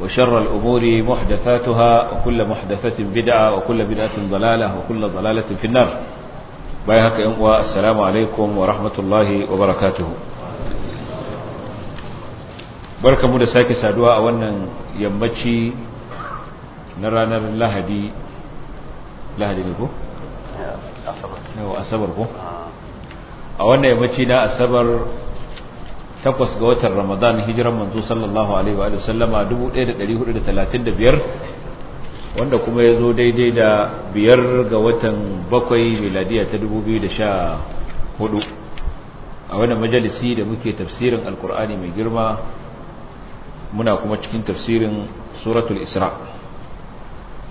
وشر الأمور محدثاتها وكل محدثة بدعة وكل بدعة ضلالة وكل ضلالة في النار بايهك إنقوى السلام عليكم ورحمة الله وبركاته بركة مودة ساكي سادوا أولا يمتشي نرانا لهدي لهدي لكو أصبر أصبر أولا يمتشي نا أصبر takwas ga watan ramadan hijiran manzo sallallahu alaihi wa sallama 1435 wanda kuma ya zo daidai da biyar ga watan bakwai miladiya ta 2014 a wannan majalisi da muke tafsirin alkur'ani mai girma muna kuma cikin tafsirin suratul isra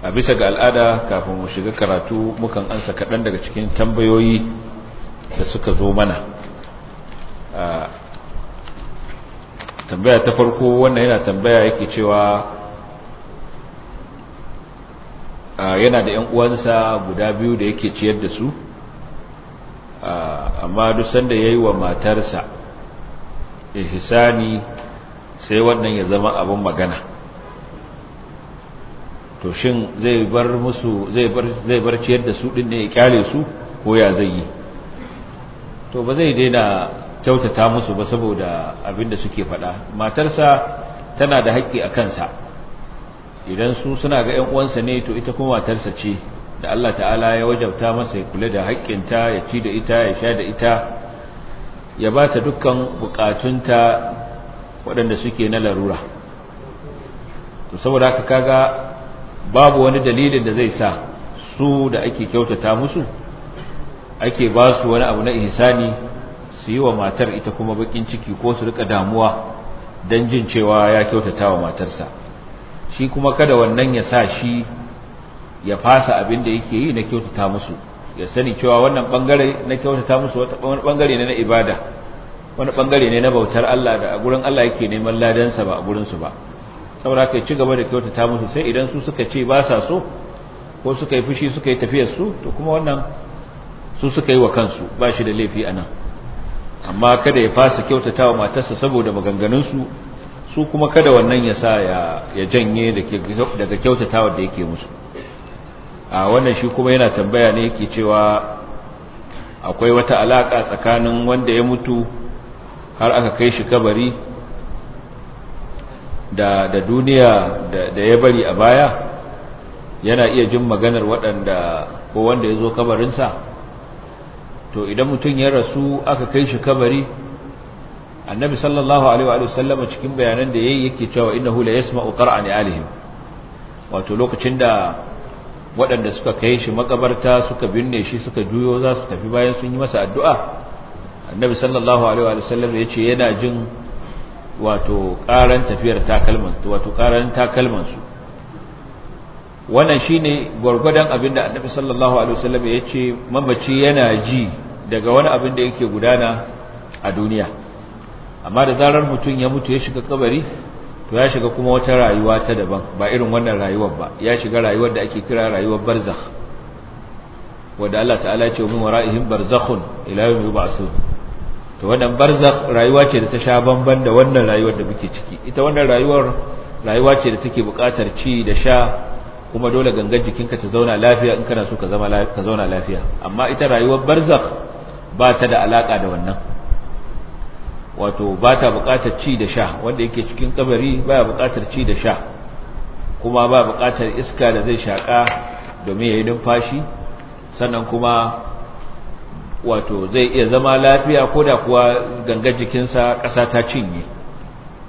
a bisa ga al'ada kafin mu shiga karatu mukan ansa kaɗan daga cikin tambayoyi da suka zo mana tambaya ta farko wannan yana tambaya yake cewa yana da yan uwansa guda biyu da yake ciyar da su amma duk sanda yayi wa matarsa ihsani sai wannan ya zama abin magana to shin zai bar musu zai bar zai bar ciyar da su din ne ya kyale su ko ya zai yi to ba zai daina kyautata musu ba saboda abin da suke faɗa matarsa tana da haƙƙi a kansa idan su suna ga ƴan uwansa ne to ita kuma matarsa ce da Allah ta'ala ya wajabta masa ya kula da haƙƙinta ya ci da ita ya sha da ita ya ba ta dukkan buƙatunta waɗanda suke na larura to saboda haka kaga babu wani dalilin da zai sa su da ake kyautata musu ake ba su wani abu na ihsani su yi wa matar ita kuma bakin ciki ko su rika damuwa don jin cewa ya kyautata wa matarsa shi kuma kada wannan ya sa shi ya fasa abin da yake yi na kyautata musu ya sani cewa wannan bangare na kyautata musu wani bangare ne na ibada wani bangare ne na bautar Allah da a gurin Allah yake neman ladansa ba a gurinsu ba saboda haka ci gaba da kyautata musu sai idan su suka ce ba sa so ko suka yi fushi suka yi tafiyar su to kuma wannan su suka yi wa kansu ba shi da laifi a nan amma kada ya fasa kyautatawa matarsa saboda maganganunsu su kuma kada wannan ya sa ya janye daga kyautatawa da yake musu a wannan shi kuma yana tambaya ne yake cewa akwai wata alaka tsakanin wanda ya mutu har aka kai shi kabari da, duniya da ya bari a baya yana iya jin maganar waɗanda ko wanda ya zo kabarinsa to idan mutum ya rasu aka kai shi kabari annabi sallallahu alaihi wa sallam cikin bayanan da yayi yake cewa innahu la yasma'u qara'an alihim wato lokacin da waɗanda suka kai shi makabarta suka binne shi suka juyo za su tafi bayan sun yi masa addu'a annabi sallallahu alaihi wa sallam ya ce yana jin wato ƙaran tafiyar takalman wato ƙaran takalman su wannan shine gwargwadon abin da annabi sallallahu alaihi wa sallam ya ce mamaci yana ji daga wani abin da yake gudana a duniya amma da zarar mutum ya mutu ya shiga kabari to ya shiga kuma wata rayuwa ta daban ba irin wannan rayuwar ba ya shiga rayuwar da ake kira rayuwar barzakh wanda Allah ta'ala ce min wara'ihim barzakhun ila yawm yub'athun to wannan barzakh rayuwa ce da ta sha bamban da wannan rayuwar da muke ciki ita wannan rayuwar rayuwa ce da take buƙatar ci da sha kuma dole gangan jikinka ta zauna lafiya in kana so ka zama ka zauna lafiya amma ita rayuwar barzakh ba ta da alaka da wannan wato ba ta buƙatar ci da sha wanda yake cikin kabari ba buƙatar ci da sha kuma ba buƙatar iska da zai shaƙa domin ya yi numfashi sannan kuma wato zai iya zama lafiya ko da kuwa gangar jikinsa ƙasa ta cinye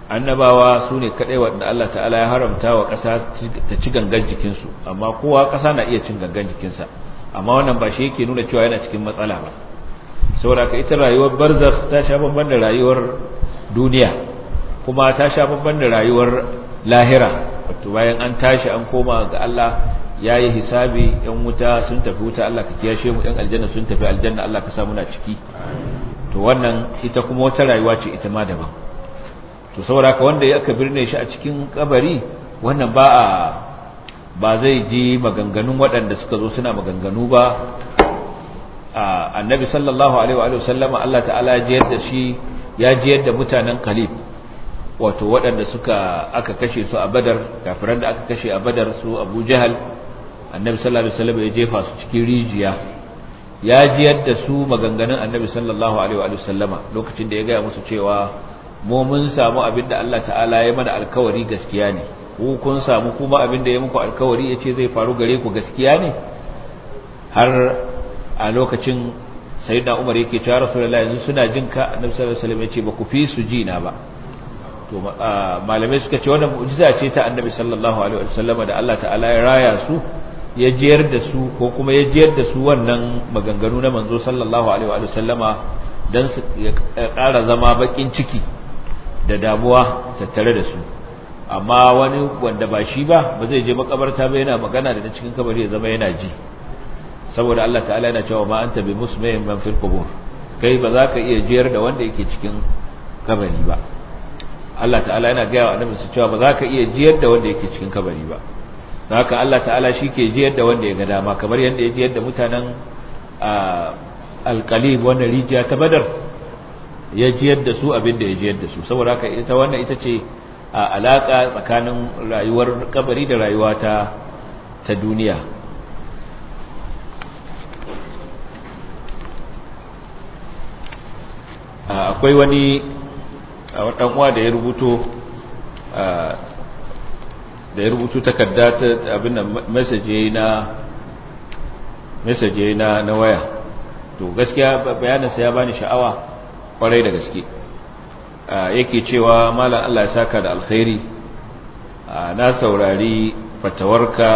annabawa su ne kaɗai waɗanda Allah ta'ala ya haramta wa ƙasa ta ci gangar jikinsu amma kowa ƙasa na iya cin gangar jikinsa amma wannan ba shi yake nuna cewa yana cikin matsala ba saboda ka ita rayuwar barzakh ta sha bamban da rayuwar duniya kuma ta sha bamban da rayuwar lahira wato bayan an tashi an koma ga Allah yayi hisabi yan wuta sun tafi wuta Allah ka kiyashe mu yan aljanna sun tafi aljanna Allah ka sa muna ciki to wannan ita kuma wata rayuwa ce ita ma daban to saboda ka wanda ya birne shi a cikin kabari wannan ba a ba zai ji maganganun waɗanda suka zo suna maganganu ba annabi sallallahu alaihi wa sallama Allah ta'ala ya jiyar da shi ya jiyar da mutanen qalib wato waɗanda suka aka kashe su a badar kafiran da aka kashe a badar su abu jahal annabi sallallahu alaihi wasallam ya jefa su cikin rijiya ya jiyar da su maganganun annabi sallallahu alaihi wa sallama lokacin da ya gaya musu cewa mu mun samu abin da Allah ta'ala ya mana alkawari gaskiya ne ku kun samu kuma abin da ya muku alkawari ce zai faru gare ku gaskiya ne har a lokacin sayyidina umar yake cewa rasulullahi yanzu suna jin ka annabi sallallahu alaihi wasallam yace ba ku fi su ji na ba to malamai suka ce wannan mu'jiza ce ta annabi sallallahu alaihi wasallam da Allah ta'ala ya raya su ya jiyar da su ko kuma ya jiyar da su wannan maganganu na manzo sallallahu alaihi wasallama dan su ƙara zama bakin ciki da damuwa tattare da su amma wani wanda ba shi ba ba zai je makabarta ba yana magana da cikin kabari ya zama yana ji saboda Allah ta'ala yana cewa ba anta bi musmi'in man fil qubur kai ba za ka iya jiyar da wanda yake cikin kabari ba Allah ta'ala yana gaya wa annabi su cewa ba za ka iya jiyar da wanda yake cikin kabari ba haka Allah ta'ala shi ke jiyar da wanda ya ga dama kamar yadda ya jiyar da mutanen alqalib wannan rijiya ta badar ya jiyar da su abin da ya jiyar da su saboda haka ita wannan ita ce alaka tsakanin rayuwar kabari da rayuwa ta ta duniya akwai wani ɗan'uwa da ya rubuto da ya rubuto takarda ta abin da message na na waya to gaskiya bayaninsa ya bani sha'awa kwarai da gaske yake cewa malam Allah ya saka da alkhairi na saurari fatawarka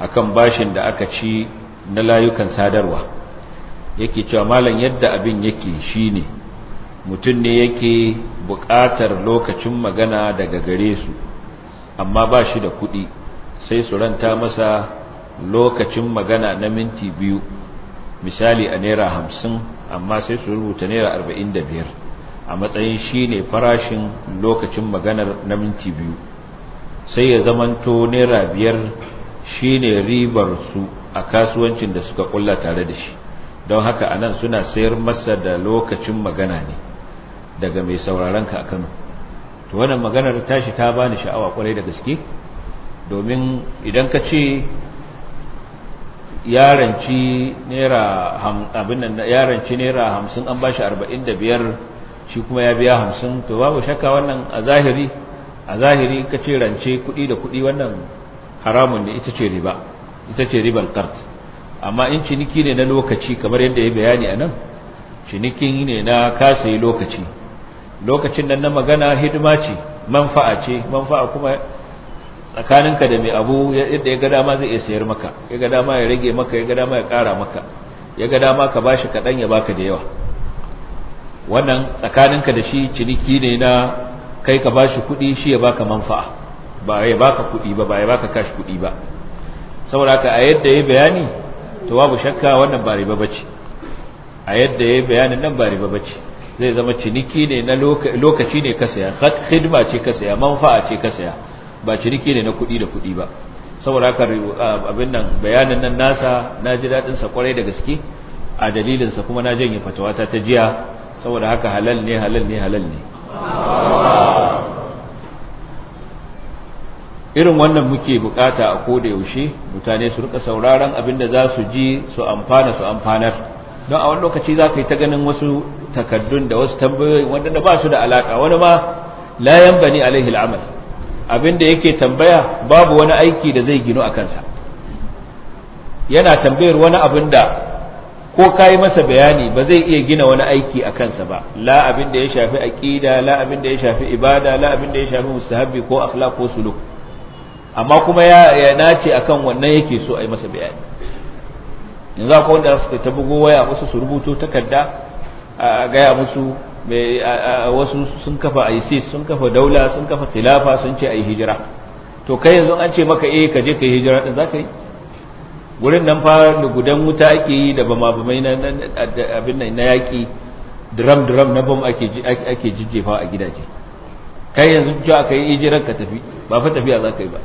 akan bashin da aka ci na layukan sadarwa yake cewa malam yadda abin yake shine mutum ne yake buƙatar lokacin magana daga gare su amma ba shi da kuɗi sai su ranta masa lokacin magana na minti biyu misali a naira hamsin amma sai su rubuta naira arba'in da biyar a matsayin shi ne farashin lokacin maganar na minti biyu sai ya zamanto naira biyar shi ne ribar su a kasuwancin da suka kulla tare da shi don haka a nan suna sayar masa da lokacin magana ne daga mai sauraron ka a Kano to wannan maganar tashi ta bani sha'awa kwarai da gaske domin idan ka ce yaranci naira abin nan yaranci naira hamsin an bashi arba'in da biyar shi kuma ya biya hamsin to babu shakka wannan a zahiri a zahiri ka ce rance kuɗi da kuɗi wannan haramun ne ita ce riba ita ce ribar kart amma in ciniki ne na lokaci kamar yadda ya bayani a nan ciniki ne na yi lokaci lokacin nan na magana hidima ce manfa'a ce manfa'a kuma tsakaninka da mai abu yadda ya ga dama zai iya sayar maka ya ga dama ya rage maka ya ga dama ya ƙara maka ya ga dama ka bashi kaɗan ya baka da yawa wannan tsakaninka da shi ciniki ne na kai ka bashi kuɗi shi ya baka manfa'a ba ya baka kuɗi ba ba ya baka kashi kuɗi ba saboda haka a yadda ya bayani to babu shakka wannan ba riba bace a yadda yayi bayanin nan ba riba bace zai zama ciniki ne na lokaci ne ka saya khidma ce ka saya manfa'a ce ka saya ba ciniki ne na kudi da kudi ba saboda haka uh, abin nan bayanin nan nasa na ji daɗin sa kwarai da gaske a dalilin sa kuma na janye fatawata ta jiya saboda haka halal ne halal ne halal ne irin wannan muke bukata a ko da yaushe mutane su rika sauraron abin da za su ji su amfana su amfanar don a wani lokaci za ka yi ta ganin wasu takaddun da wasu tambayoyi wadanda ba su da alaka wani ma layan bani alaihi al'amal abin da yake tambaya babu wani aiki da zai gino a kansa yana tambayar wani abin da ko ka yi masa bayani ba zai iya gina wani aiki a kansa ba la abin da ya shafi aƙida la abin da ya shafi ibada la abin da ya shafi musahabi ko akhlaq ko suluk amma kuma ya nace akan wannan yake so a yi masa bayani yanzu akwai wanda suka ta bugo waya wasu su rubuto takarda a gaya musu wasu sun kafa isis sun kafa daula sun kafa khilafa sun ce a yi hijira to kai yanzu an ce maka eh ka je ka yi hijira din za ka yi wurin nan fa da gudan wuta ake yi da bama bamai na abin nan na yaƙi drum drum na bom ake jijjefa a gidaje kai yanzu ka yi hijira ka tafi ba fa tafiya za ka yi ba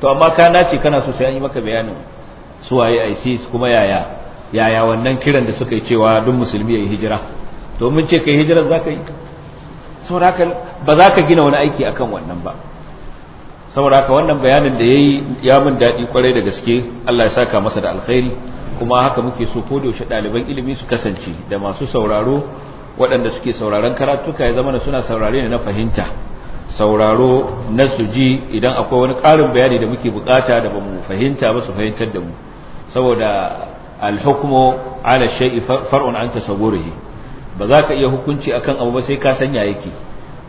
to amma ka nace kana so sai an yi maka bayanin su waye ISIS kuma yaya yaya wannan kiran da suka yi cewa duk musulmi yi hijira to mun ce kai hijira zaka yi saboda haka ba za ka gina wani aiki akan wannan ba saboda haka wannan bayanin da yayi ya mun dadi kwarai da gaske Allah ya saka masa da alkhairi kuma haka muke so ko da daliban ilimi su kasance da masu sauraro waɗanda suke sauraron karatuka ya zama suna saurare ne na fahimta sauraro na su ji idan akwai wani ƙarin bayani da muke bukata da ba mu fahimta ba su fahimtar da mu saboda alhukmu ala shay'i far'un an tasawwurihi ba za ka iya hukunci akan abu ba sai ka san ya yake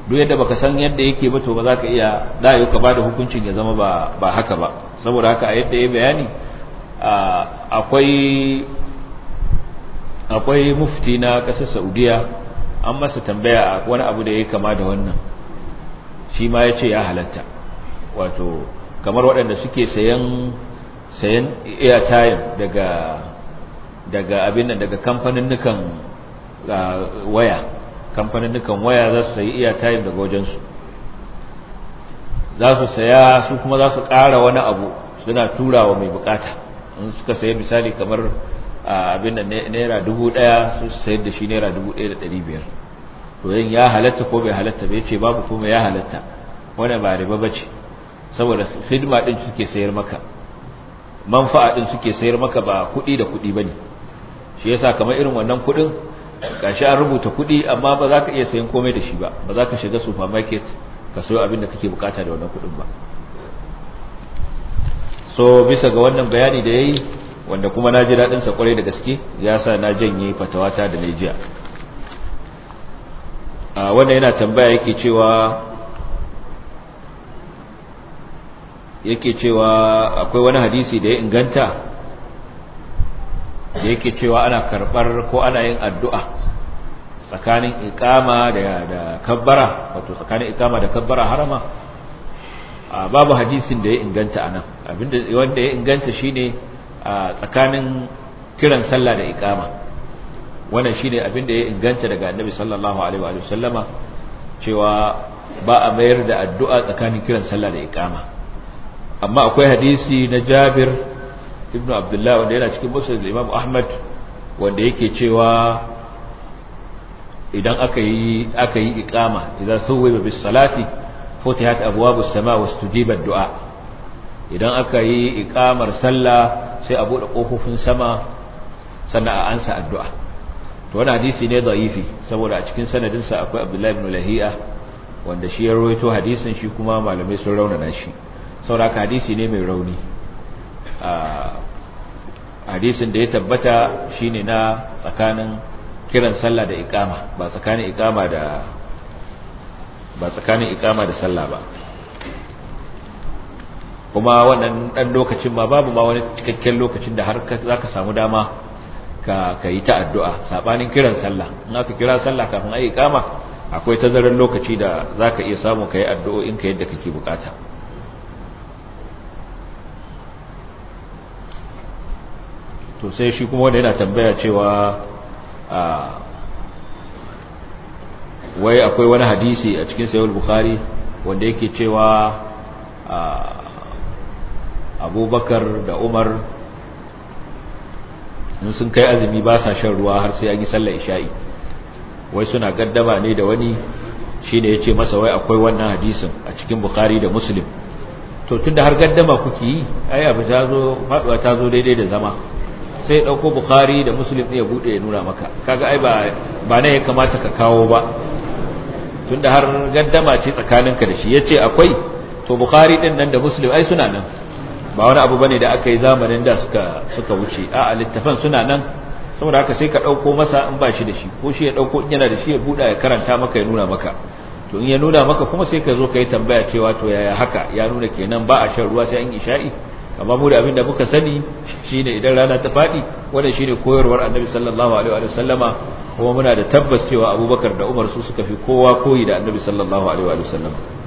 duk yadda baka san yadda yake ba to ba za ka iya da yau ka bada hukuncin ya zama ba haka ba saboda haka a yadda ya bayani akwai akwai mufti na ƙasar Saudiya an masa tambaya a wani abu da ya kama da wannan shi ma ya ce ya halatta wato kamar waɗanda suke sayan sayan airtime daga daga abin nan daga kamfanin nukan waya kamfanin nukan waya za su sayi airtime daga wajensu za su saya su kuma za su ƙara wani abu suna turawa mai bukata in suka sayi misali kamar abin da naira dubu ɗaya su sayar da shi naira dubu ɗaya da ɗari biyar to ya halatta ko bai halatta bai ce babu kuma ya halatta wanda ba riba bace saboda hidima din suke sayar maka manfa'a din suke sayar maka ba kuɗi da kuɗi bane shi yasa kamar irin wannan kuɗin gashi an rubuta kuɗi amma ba za ka iya sayan komai da shi ba ba za ka shiga supermarket ka sayo abin da kake bukata da wannan kuɗin ba so bisa ga wannan bayani da yayi wanda kuma na ji sa kwarai da gaske ya sa na janye fatawata da Nigeria wanda yana tambaya yake cewa yake cewa akwai wani hadisi da ya inganta da yake cewa ana karbar ko ana yin addu'a tsakanin ikama da kabbara wato tsakanin ikama da kabbara harama babu hadisin da ya inganta anan abinda wanda ya inganta shine tsakanin kiran sallah da ikama wannan shine abin da ya inganta daga annabi sallallahu alaihi wa sallama cewa ba a mayar da addu'a tsakanin kiran sallah da iqama amma akwai hadisi na Jabir ibn Abdullah wanda yana cikin musnad Imam Ahmad wanda yake cewa idan aka yi aka yi iqama idan sawwaba bis salati futihat abwabus sama wastujiba ad-du'a idan aka yi iqamar sallah sai a bude kofofin sama sannan a ansa addu'a to wani hadisi ne da'ifi saboda a cikin sanadinsa akwai abdullahi ibn lahiya wanda shi ya rawaito hadisin shi kuma malamai sun raunana shi ka hadisi ne mai rauni hadisin da ya tabbata shine na tsakanin kiran sallah da ikama ba tsakanin ikama da ba tsakanin ikama da sallah ba kuma wannan dan lokacin ma babu ma wani cikakken lokacin da har zaka samu dama ka ka yi ta addu'a saɓanin kiran sallah in aka kira sallah kafin ayi kama akwai tazarar lokaci da za ka iya samu ka yi addu'o'in ka yadda kake bukata to sai shi kuma wanda yana tambaya cewa wai akwai wani hadisi a cikin sayar bukari wanda yake cewa abubakar da umar in sun kai azumi ba sa shan ruwa har sai an yi sallar isha'i wai suna gaddama ne da wani shine yace masa wai akwai wannan hadisin a cikin bukhari da muslim to tunda har gaddama kuke yi ai abu ta zo ta zo daidai da zama sai dauko bukhari da muslim ne ya bude ya nuna maka kaga ai ba ba ya kamata ka kawo ba tunda har gaddama ce tsakaninka da shi yace akwai to bukhari din nan da muslim ai suna nan ba wani abu bane da aka yi zamanin da suka suka wuce a littafan suna nan saboda haka sai ka dauko masa in ba shi da shi ko shi ya dauko in yana da shi ya buda ya karanta maka ya nuna maka to in ya nuna maka kuma sai ka zo ka yi tambaya cewa to yaya haka ya nuna kenan ba a shan ruwa sai an isha'i amma mu da abin da muka sani shine idan rana ta fadi wannan shine koyarwar annabi sallallahu alaihi wa sallama kuma muna da tabbas cewa abubakar da umar su suka fi kowa koyi da annabi sallallahu alaihi wa sallama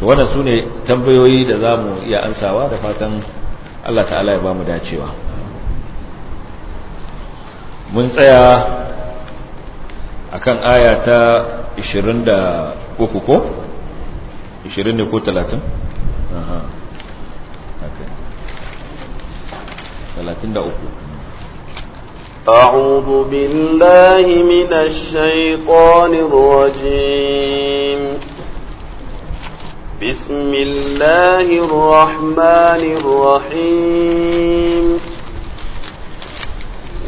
to wannan sune tambayoyi da zamu iya ansawa da fatan Allah ta'ala ya ba mu dacewa mun tsaya akan aya ta 23 ko 20 ne ko 30 aha okay 33 أعوذ بالله من الشيطان الرجيم بسم الله الرحمن الرحيم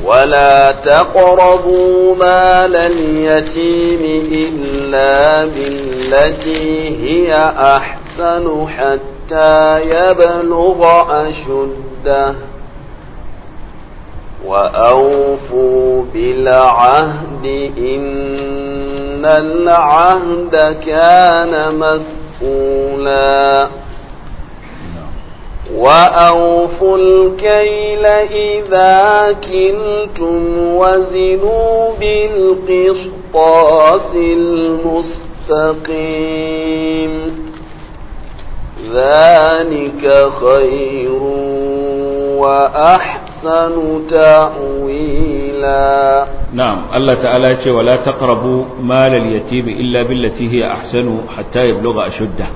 ولا تقربوا مال اليتيم إلا بالتي هي أحسن حتى يبلغ أشده وأوفوا بالعهد إن العهد كان مسلما الأولى نعم. وأوفوا الكيل إذا كنتم وزنوا بالقسطاس المستقيم ذلك خير وأحسن ahsanu ta'wila na'am Allah ta'ala ya ce wala taqrabu malal yatimi illa billati hiya ahsanu hatta ashudda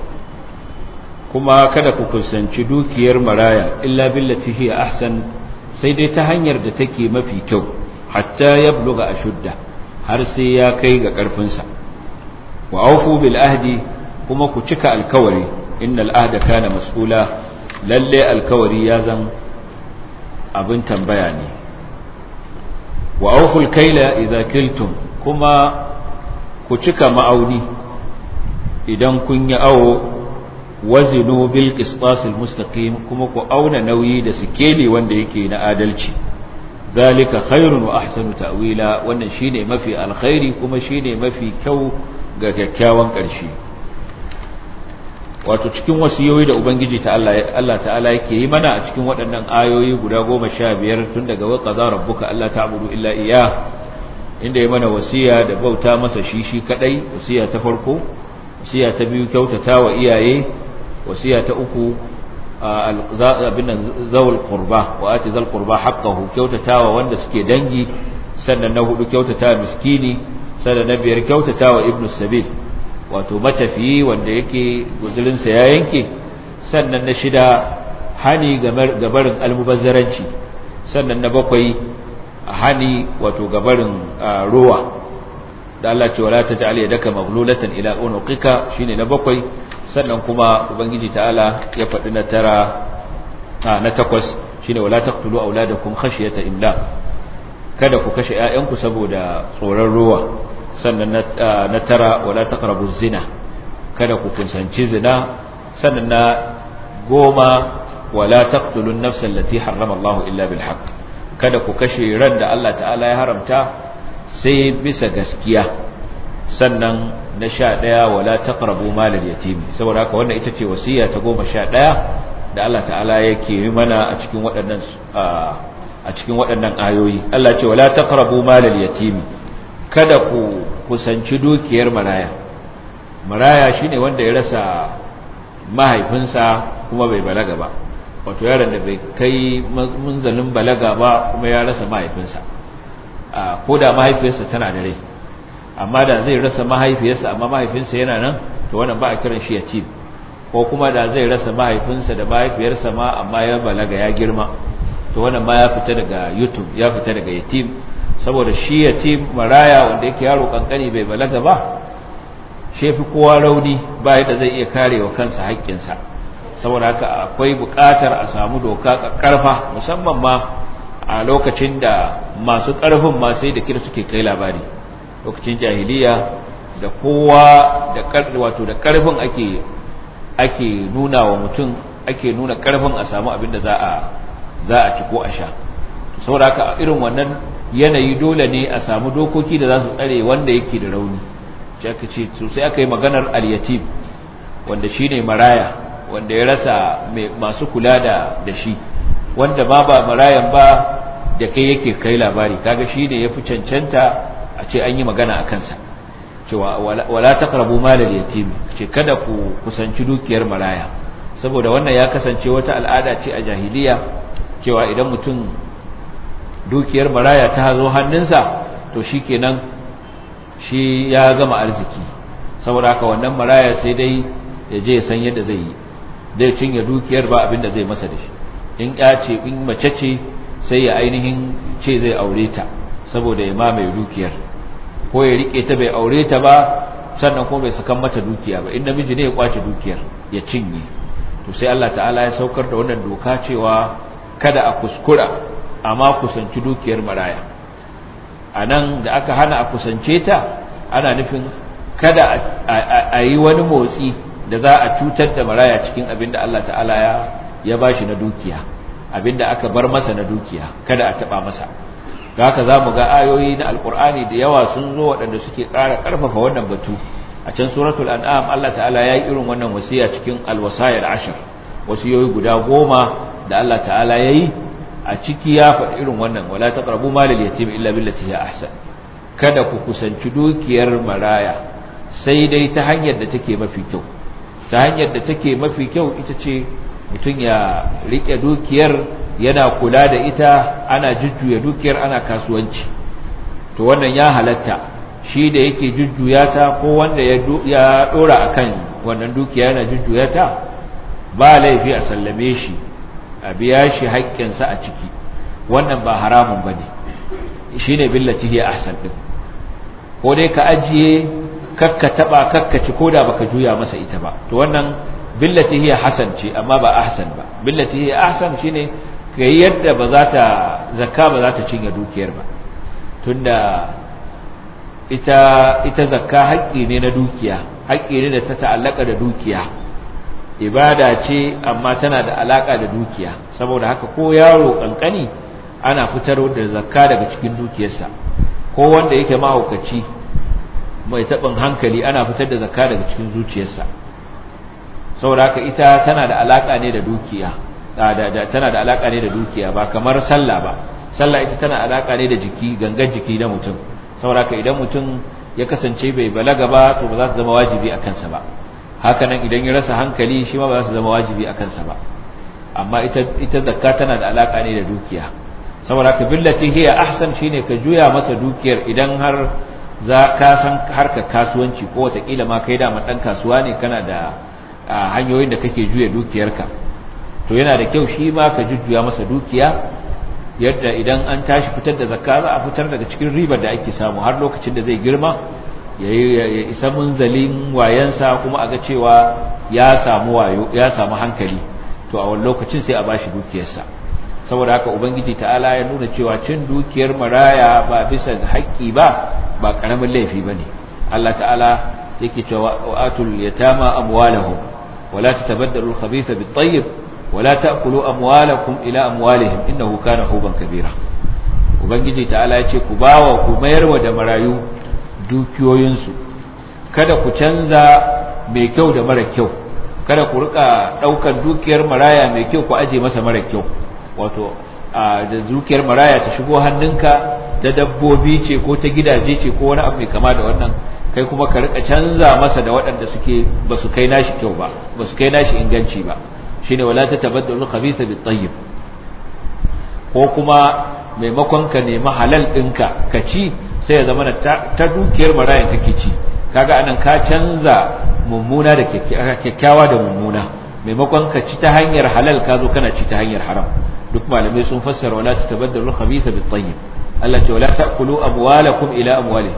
kuma kada ku kusanci dukiyar maraya illa billati hiya ahsan sai dai ta hanyar da take mafi kyau hatta yablugha ashudda har sai ya kai ga ƙarfinsa. wa aufu bil ahdi kuma ku cika alkawari innal ahda kana mas'ula lalle alkawari ya zan abin tambaya ne wa auful kaila idza kiltum kuma ku cika ma'auni idan kun yi awo wazinu bil qistasil mustaqim kuma ku auna nauyi da sikeli wanda yake na adalci zalika khairun wa ahsanu ta'wila wannan shine mafi alkhairi kuma shine mafi kyau ga kyakkyawan ƙarshe wato cikin wasiyoyi da ubangiji ta Allah ta'ala yake yi mana a cikin waɗannan ayoyi guda goma sha biyar tun daga wa qaza rabbuka alla ta'budu illa iya inda ya mana wasiya da bauta masa shi shi kadai wasiya ta farko wasiya ta biyu wa iyaye wasiya ta uku abin zawul kurba wa ati zal qurba haqqahu kyautatawa wanda suke dangi sannan na hudu kyautatawa miskini sannan na biyar kyautatawa ibnu sabil wato matafiyi wanda yake guzurinsa ya yanke sannan na shida hani gabarin almubazzaranci sannan na bakwai hani wato gabarin ruwa da Allah ce wala ta ta'ala yadaka maglulatan ila unuqika shine na bakwai sannan kuma ubangiji ta'ala ya faɗi na tara na takwas shine wala taqtulu auladakum khashyata imlaq kada ku kashe ƴaƴanku saboda tsoron ruwa sannan ah, na tara wala taqrabu zina kada ku kusanci zina sannan na goma wala taqtulun nafsal lati harrama illa bil haqq kada ku kashe ran da Allah ta'ala ya haramta sai bisa gaskiya sannan na sha ɗaya wala taqrabu malal yatimi saboda haka wannan ita ce wasiya ta goma sha ɗaya da Allah ta'ala yake yi mana a cikin waɗannan ah, a cikin waɗannan ayoyi Allah ce wala taqrabu malal yatimi kada ku kusanci dukiyar maraya maraya shine wanda ya rasa mahaifinsa kuma bai balaga ba wato yaron da bai kai munzalin balaga ba kuma ya rasa mahaifinsa ko da mahaifinsa tana da rai amma da zai rasa mahaifinsa amma mahaifinsa yana nan to wannan ba a kiran shi yatim ko kuma da zai rasa mahaifinsa da mahaifiyarsa ma amma ya balaga ya girma to wannan ma ya fita daga youtube ya fita daga yatim saboda shi ya ce maraya wanda yake yaro kankani bai balaga ba shi kowa rauni ba yadda zai iya karewa kansa haƙƙinsa saboda haka akwai buƙatar a samu doka ƙarfa musamman ma a lokacin da masu ƙarfin ma sai da kira suke kai labari lokacin jahiliya da kowa da wato da ƙarfin ake nuna wa mutum ake nuna ƙarfin a samu abin da za a za ci ko a sha saboda haka irin wannan yanayi dole ne a samu dokoki da za su tsare wanda yake da rauni aka ce sosai sai aka yi maganar al-yatim wanda ne maraya wanda ya rasa masu kula da shi wanda ba ba marayan ba da kai yake kai labari kaga ya fi cancanta a ce an yi magana a kansa cewa wala taqrabu malar yatim ce kada ku kusanci dukiyar maraya saboda wannan ya kasance wata al'ada ce a jahiliya cewa idan mutum dukiyar maraya ta zo hannunsa to shi kenan shi ya gama arziki saboda haka wannan maraya sai dai ya je san yadda zai yi zai cinye dukiyar ba abinda zai masa da shi in ya ce in mace ce sai ya ainihin ce zai aure ta saboda ya ma mai dukiyar ko ya rike ta bai aure ta ba sannan ko bai sakan mata dukiya ba in namiji ne ya kwace dukiyar ya cinye to sai Allah ta'ala ya saukar da wannan doka cewa kada a kuskura amma kusanci dukiyar maraya a nan da aka hana a kusance ta ana nufin kada a yi wani motsi da za a cutar da maraya cikin abinda da Allah ta'ala ya ba shi na dukiya Abinda aka bar masa na dukiya kada a taɓa masa ga haka za mu ga ayoyi na alkur'ani da yawa sun zo waɗanda suke ƙara ƙarfafa wannan batu a can suratul an'am Allah ta'ala ya yi irin wannan wasiya cikin alwasayar ashir wasiyoyi guda goma da Allah ta'ala ya yi a ciki ya faɗi irin wannan wala ta ƙarabu malal yatim illa billati ya ahsan kada ku kusanci dukiyar maraya sai dai ta hanyar da take mafi kyau ta hanyar da take mafi kyau ita ce mutum ya riƙe dukiyar yana kula da ita ana jujjuya dukiyar ana kasuwanci to wannan ya halatta shi da yake jujjuya ta ko wanda ya ɗora a kan wannan dukiya yana jujjuya ta ba laifi a sallame shi a biya shi haƙƙinsa a ciki wannan ba haramun ba ne shi ne billaci ya ahsan ɗin ko dai ka ajiye kakka taɓa kakka ci ko da ba ka juya masa ita ba to wannan billaci ya hasan ce amma ba ahsan ba billaci ya ahsan shi ne ka yi yadda ba za ta zakka ba za ta cinye dukiyar ba tunda ita ita zakka haƙƙi ne na dukiya haƙƙi ne da ta ta'allaka da dukiya ibada ce amma tana da alaka da dukiya saboda haka ko yaro kankani ana fitar da zakka daga cikin dukiyarsa ko wanda yake mahaukaci mai tabin hankali ana fitar da zakka daga cikin zuciyarsa saboda haka ita tana da alaka ne da dukiya tana da alaka ne da dukiya ba kamar sallah ba sallah ita tana alaka ne da jiki gangan jiki na mutum saboda haka idan mutum ya kasance bai balaga ba to ba za ta zama wajibi a kansa ba hakanan idan ya rasa hankali shi ma ba su zama wajibi a kansa ba amma ita zakka tana da alaka ne da dukiya saboda ka billati hiya ahsan shine ka juya masa dukiyar idan har za ka san harkar kasuwanci ko watakila ma kai da dan kasuwa ne kana da hanyoyin da kake juya dukiyarka to yana da kyau shi ma ka jujjuya masa dukiya yadda idan an tashi fitar da zakka za a fitar daga cikin ribar da ake samu har lokacin da zai girma ya isa munzalin wayansa kuma a ga cewa ya samu wayo ya samu hankali to a wani lokacin sai a bashi dukiyarsa saboda haka ubangiji ta'ala ya nuna cewa cin dukiyar maraya ba bisa haƙƙi ba ba karamin laifi ba ne allah ta'ala yake cewa atul yatama amwalahum wala tatabaddalu al-khabitha bit-tayyib wala ta'kulu amwalakum ila amwalihim innahu kana huban kabira ubangiji ta'ala ya ce ku bawa ku mayarwa da marayu dukiyoyinsu kada ku canza mai kyau da mara kyau kada ku rika ɗaukar dukiyar maraya mai kyau ku aje masa mara kyau wato da dukiyar maraya ta shigo hannunka ta dabbobi ce ko ta gidaje ce ko wani abu mai kama da wannan kai kuma ka rika canza masa da waɗanda suke ba su kai nashi kyau ba ba su kai nashi inganci ba shine wala ta tabaddalu khabitha bit tayyib ko kuma maimakon ka nemi halal ɗinka ka ci sai ya zama na ta dukiyar marayan take ci kaga anan ka canza mummuna da kyakkyawa da mummuna maimakon ka ci ta hanyar halal ka zo kana ci ta hanyar haram duk malamai sun fassara wala tatabaddalu khabitha bit tayyib Allah ce wala taqulu amwalakum ila amwali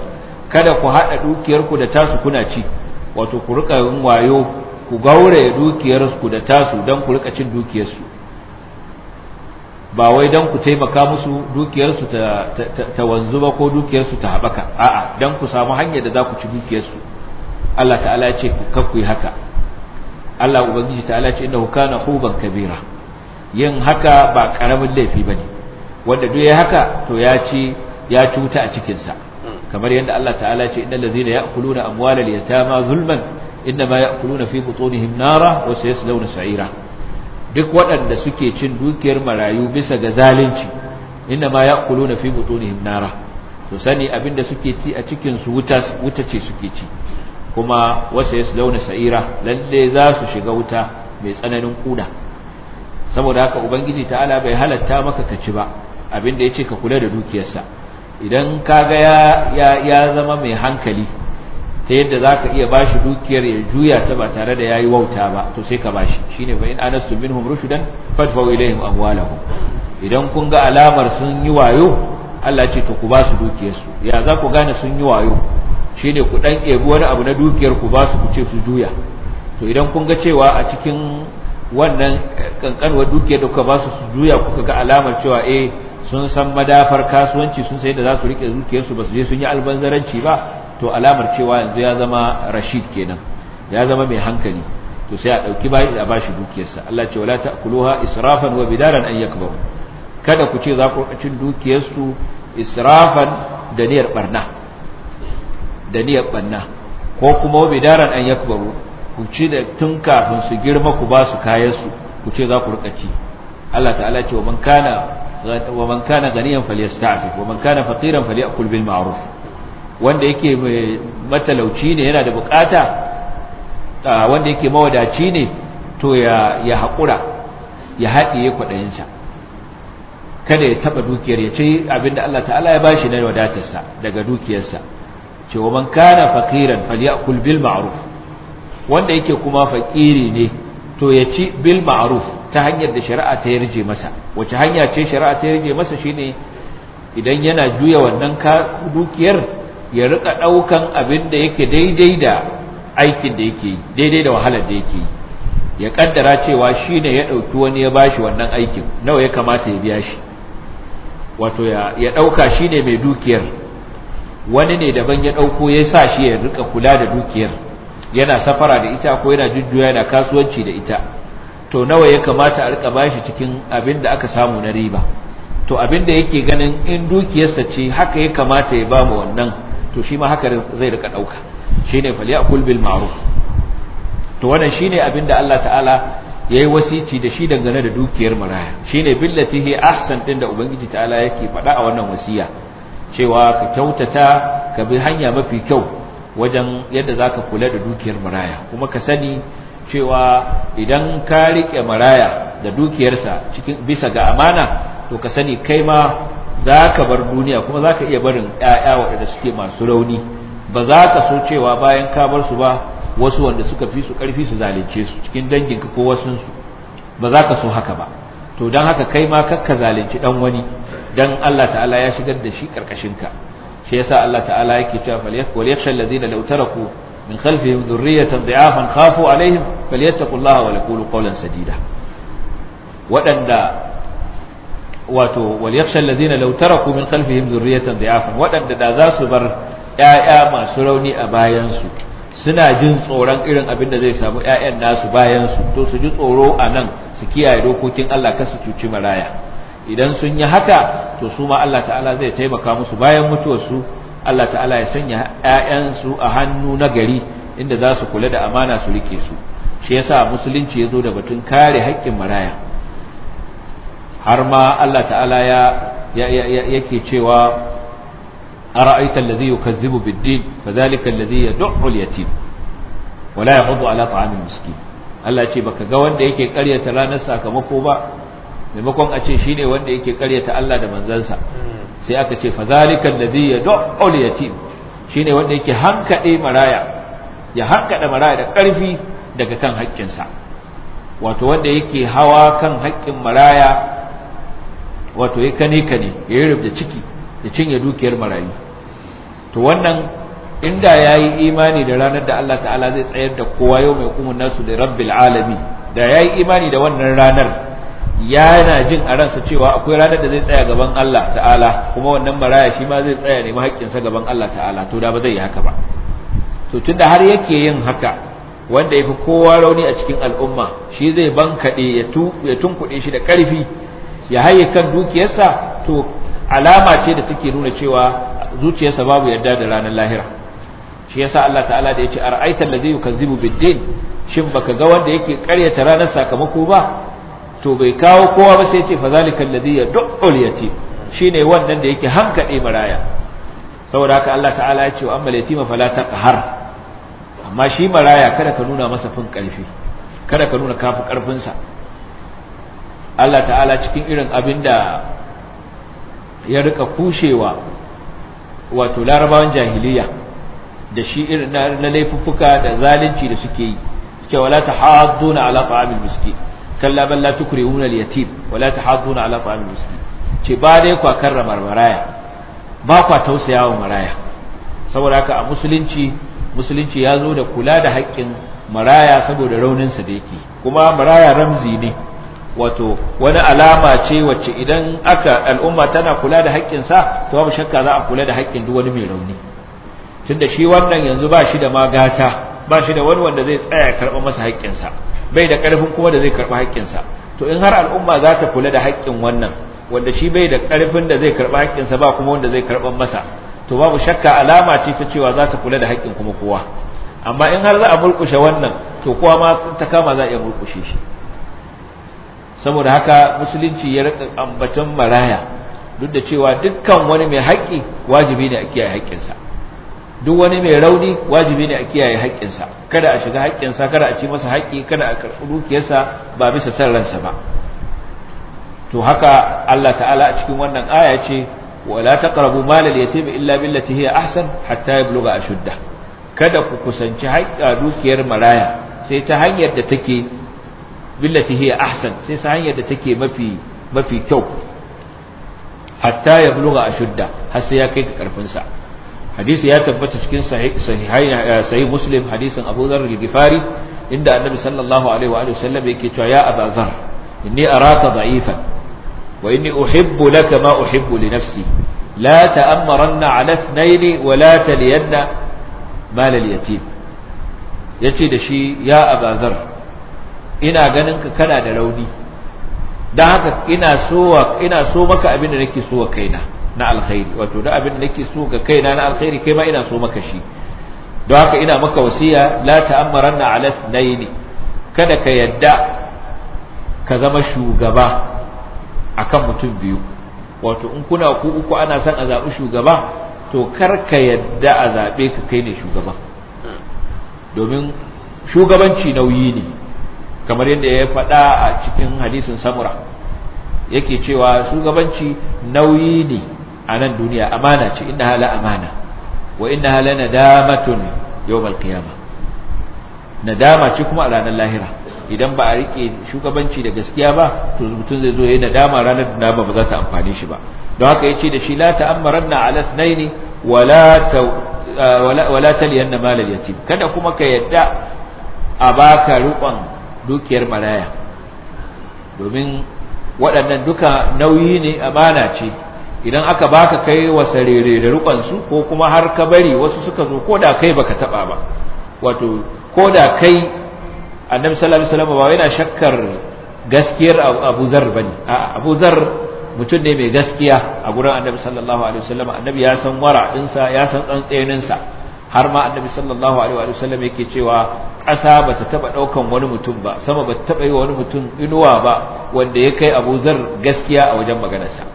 kada ku hada dukiyarku da tasu kuna ci wato ku rika yin wayo ku gaure dukiyarku da tasu dan ku rika cin dukiyarsu ba wai don ku taimaka musu dukiyarsu ta wanzu ba ko dukiyarsu ta haɓaka a'a don ku samu hanyar da za ku ci dukiyarsu Allah ta'ala ya ce ku yi haka Allah ubangiji ta'ala ce inda innahu kana huban kabira yin haka ba ƙaramin laifi ba ne. wanda duk ya haka to ya ci ya cuta a cikinsa. kamar yadda Allah ta'ala ce na ladhina ya amwalal yatama zulman inda ma innama na fi wasu nara su launa sa'ira duk waɗanda suke cin dukiyar marayu bisa ga zalunci inda ma ya na fi butunihim nara su sani abinda suke ci a cikin su wuta ce suke ci kuma wasu wasa launa sa'ira lalle za su shiga wuta mai tsananin ƙuda. saboda haka ubangiji ta'ala bai halatta maka ka ci ba abinda ya ce ka kula da dukiyarsa idan ka ga ya zama mai hankali ta yadda za ka iya ba shi dukiyar ya juya ta ba tare da ya yi wauta ba to sai ka ba shi shi ne fa'in anastu minhum rushudan fadfau ilaihim amwalahum idan kun ga alamar sun yi wayo Allah ce to ku ba su dukiyarsu ya za ku gane sun yi wayo shi ne ku ɗan ebi wani abu na dukiyar ku ba su ku ce su juya to idan kun ga cewa a cikin wannan kankanuwar eh, dukiyar da kuka ba su su juya kuka ga alamar cewa eh sun san madafar kasuwanci sun sai da za su riƙe dukiyarsu ba su je sun yi albanzaranci ba to alamar cewa yanzu ya zama rashid kenan ya zama mai hankali to sai a dauki bai a bashi dukiyarsa Allah ce wala ta'kuluha israfan wa bidaran an yakbaru kada ku ce za ku cin dukiyarsu israfan da niyyar barna da niyyar barna ko kuma wa bidaran an yakbaru ku ci da tun kafin su girma ku ba su kayansu ku ce za ku rika Allah ta'ala ce wa man kana wa man kana ganiyan falyasta'fi wa man kana faqiran falyakul bil ma'ruf wanda yake matalauci ne yana da bukata wanda yake mawadaci ne to ya haƙura ya haɗiye kwaɗayinsa kada ya taɓa dukiyar ya ce abinda Allah ta'ala ya bashi na wadatarsa daga dukiyarsa ce wa man kana faqiran falyakul bil ma'ruf wanda yake kuma faƙiri ne to ya ci bil ma'ruf ta hanyar da shari'a ta yarje masa wace hanya ce shari'a ta yarje masa shine idan yana juya wannan dukiyar ya rika daukan abin da yake daidai da aikin da yake daidai da wahalar da yake ya kaddara cewa shi ne ya dauki wani ya bashi wannan aikin nawa ya kamata ya biya shi wato ya dauka shi ne mai dukiyar wani ne daban ya dauko ya sa shi ya rika kula da dukiyar yana safara da ita ko yana jujjuya yana kasuwanci da ita to nawa ya kamata a rika bashi cikin abin da aka samu na riba to abin da yake ganin in dukiyarsa ce haka ya kamata ya ba mu wannan to shi ma haka zai rika dauka shine falyakul bil ma'ruf to wannan shine abinda Allah ta'ala yayi wasici da shi dangane da dukiyar maraya shine billatihi ahsan din da ubangiji ta'ala yake faɗa a wannan wasiya cewa ka kyautata ka bi hanya mafi kyau wajen yadda zaka kula da dukiyar maraya kuma ka sani cewa idan ka rike maraya da dukiyarsa cikin bisa ga amana to ka sani kai ma za ka bar duniya kuma za ka iya barin ‘ya'ya waɗanda suke masu rauni ba za ka so cewa bayan ka bar su ba wasu wanda suka fi su ƙarfi su zalunce su cikin danginka ko wasu su ba za ka so haka ba to don haka kai ma kar ka zalunci ɗan wani don Allah ta'ala ya shigar da shi ƙarƙashinka shi yasa Allah ta'ala yake cewa wal yakhsha da lautara taraku min khalfihim dhurriyatan dha'afan khafu alaihim falyattaqullaha wa yaqulu qawlan sadida waɗanda wato wal yakhsha alladhina law taraku min khalfihim dhurriyatan dha'afan wadanda da za su bar yaya masu rauni a bayan su suna jin tsoron irin abin da zai samu yayan nasu bayan su to su ji tsoro a nan su kiyaye dokokin Allah kar su cuci maraya idan sun yi haka to su ma Allah ta'ala zai taimaka musu bayan mutuwar su Allah ta'ala ya sanya ƴaƴansu a hannu na gari inda za su kula da amana su rike su shi yasa musulunci ya zo da batun kare haƙƙin maraya har ma Allah ta'ala ya yake cewa ara'aita alladhi yukazzibu bid-din fadhalika alladhi yad'u al-yatim wa la yahuddu ala ta'amil miskin Allah ce baka ga wanda yake karyata ranar sakamako ba maimakon a ce shi ne wanda yake karyata Allah da manzansa hmm. sai aka ce fa fadhalika alladhi yad'u al-yatim ne wanda yake hankade maraya ya hankada maraya da ƙarfi daga kan haƙƙinsa wato wanda yake hawa kan haƙƙin maraya wato ya kane kane ya yi rabda ciki ya cinye dukiyar marayu to wannan inda yayi imani da ranar da Allah ta'ala zai tsayar da kowa yau mai kuma nasu da rabbil alami da yayi imani da wannan ranar yana jin a ransa cewa akwai ranar da zai tsaya gaban Allah ta'ala kuma wannan maraya shi ma zai tsaya ne haƙƙinsa gaban Allah ta'ala to da ba zai yi haka ba to tunda har yake yin haka wanda ya fi kowa rauni a cikin al'umma shi zai bankaɗe ya tunkuɗe shi da ƙarfi ya haye kan dukiyarsa to alama ce da take nuna cewa zuciyarsa babu yarda da ranar lahira shi yasa Allah ta'ala da yace araita allazi yukazzibu bid-din shin baka ga wanda yake karyata ranar sakamako ba to bai kawo kowa ba sai yace fa zalika allazi yad'ul yatim shine wannan da yake hankade maraya saboda haka Allah ta'ala ya ce wa amma yatima fala taqhar amma shi maraya kada ka nuna masa fin karfi kada ka nuna kafi karfin sa Allah ta'ala cikin irin abin da ya rika kushewa wato larabawan jahiliya da shi irin na laifuffuka da zalunci da suke yi suke wala ta haduna ala ta'amil miski kalla bal la tukrihuna al-yatim wala ta haduna ala ta'amil miski ce ba dai kwa karra marmaraya ba kwa tausayawa maraya saboda haka a musulunci musulunci ya zo da kula da haƙƙin maraya saboda rauninsa da yake kuma maraya ramzi ne wato wani alama ce wacce idan aka al'umma tana kula da haƙƙinsa to babu shakka za a kula da haƙƙin duk wani mai rauni tunda shi wannan yanzu ba shi da magata ba shi da wani wanda zai tsaya karɓa masa haƙƙinsa bai da ƙarfin kuma da zai karɓi haƙƙinsa to in har al'umma za ta kula da haƙƙin wannan wanda shi bai da ƙarfin da zai karɓi haƙƙinsa ba kuma wanda zai karɓa masa to babu shakka alama ce ta cewa za ta kula da haƙƙin kuma kowa amma in har za a mulkushe wannan to kowa ma ta kama za a iya mulkushe shi saboda haka musulunci ya rika ambaton maraya duk da cewa dukkan wani mai haƙƙi wajibi ne a kiyaye haƙƙinsa duk wani mai rauni wajibi ne a kiyaye haƙƙinsa kada a shiga haƙƙinsa kada a ci masa haƙƙi kada a karɓi dukiyarsa ba bisa san ransa ba to haka Allah ta'ala a cikin wannan aya ce wala taqrabu malal yatim illa billati hiya ahsan hatta yablugha ashuddah kada ku kusanci haƙƙa dukiyar maraya sai ta hanyar da take billati hiya ahsan sai sa hanyar da take mafi mafi kyau hatta ya buluga ashudda har sai ya kai karfin sa hadisi ya tabbata cikin sahih eh, sahih muslim hadisin Abu Dharr al-Ghifari inda Annabi sallallahu alaihi wa sallam yake cewa ya Abu Dharr inni araka da'ifan wa inni uhibbu laka ma uhibbu li nafsi لا تأمرن على اثنين ولا تلين مال اليتيم yace da shi ya abazar ina ganin ka kana da rauni dan haka ina so ina so maka abin da nake so wa kaina na alkhairi wato da abin da nake so ga kaina na alkhairi kai ma ina so maka shi don haka ina maka wasiya la ta'ammaranna ala thnayn kada ka yadda ka zama shugaba akan mutum biyu wato in kuna ku uku ana san a zabi shugaba to kar ka yadda a zaɓe ka kai ne shugaba domin shugabanci nauyi ne kamar yadda ya faɗa a cikin hadisin samura yake cewa shugabanci nauyi ne a nan duniya amana ce inna hala amana wa inna hala nadamatun yau qiyama nadama ce kuma a ranar lahira idan ba a rike shugabanci da gaskiya ba to mutum zai zo yayin nadama ranar nadama ba za ta amfani shi ba don haka ya ce da shi la ta'ammaranna ala thnaini wala ta wala taliyanna malal yatim kada kuma ka yadda a baka rukon dukiyar maraya domin waɗannan duka nauyi ne amana ce idan aka baka kai sarere da rukansu ko kuma har ka bari wasu suka zo ko da kai baka taba ba wato ko da kai annabi sallallahu alaihi wasallam ba yana shakkar gaskiyar Abu Zar bane Abu Zar mutum ne mai gaskiya a gurin annabi sallallahu alaihi wasallam annabi ya san wara ɗinsa ya san tsantseninsa. har ma annabi sallallahu alaihi wa sallam yake cewa ƙasa bata taba daukan wani mutum ba sama bata taba yi wani mutum inuwa ba wanda ya kai Abu Zar gaskiya a wajen sa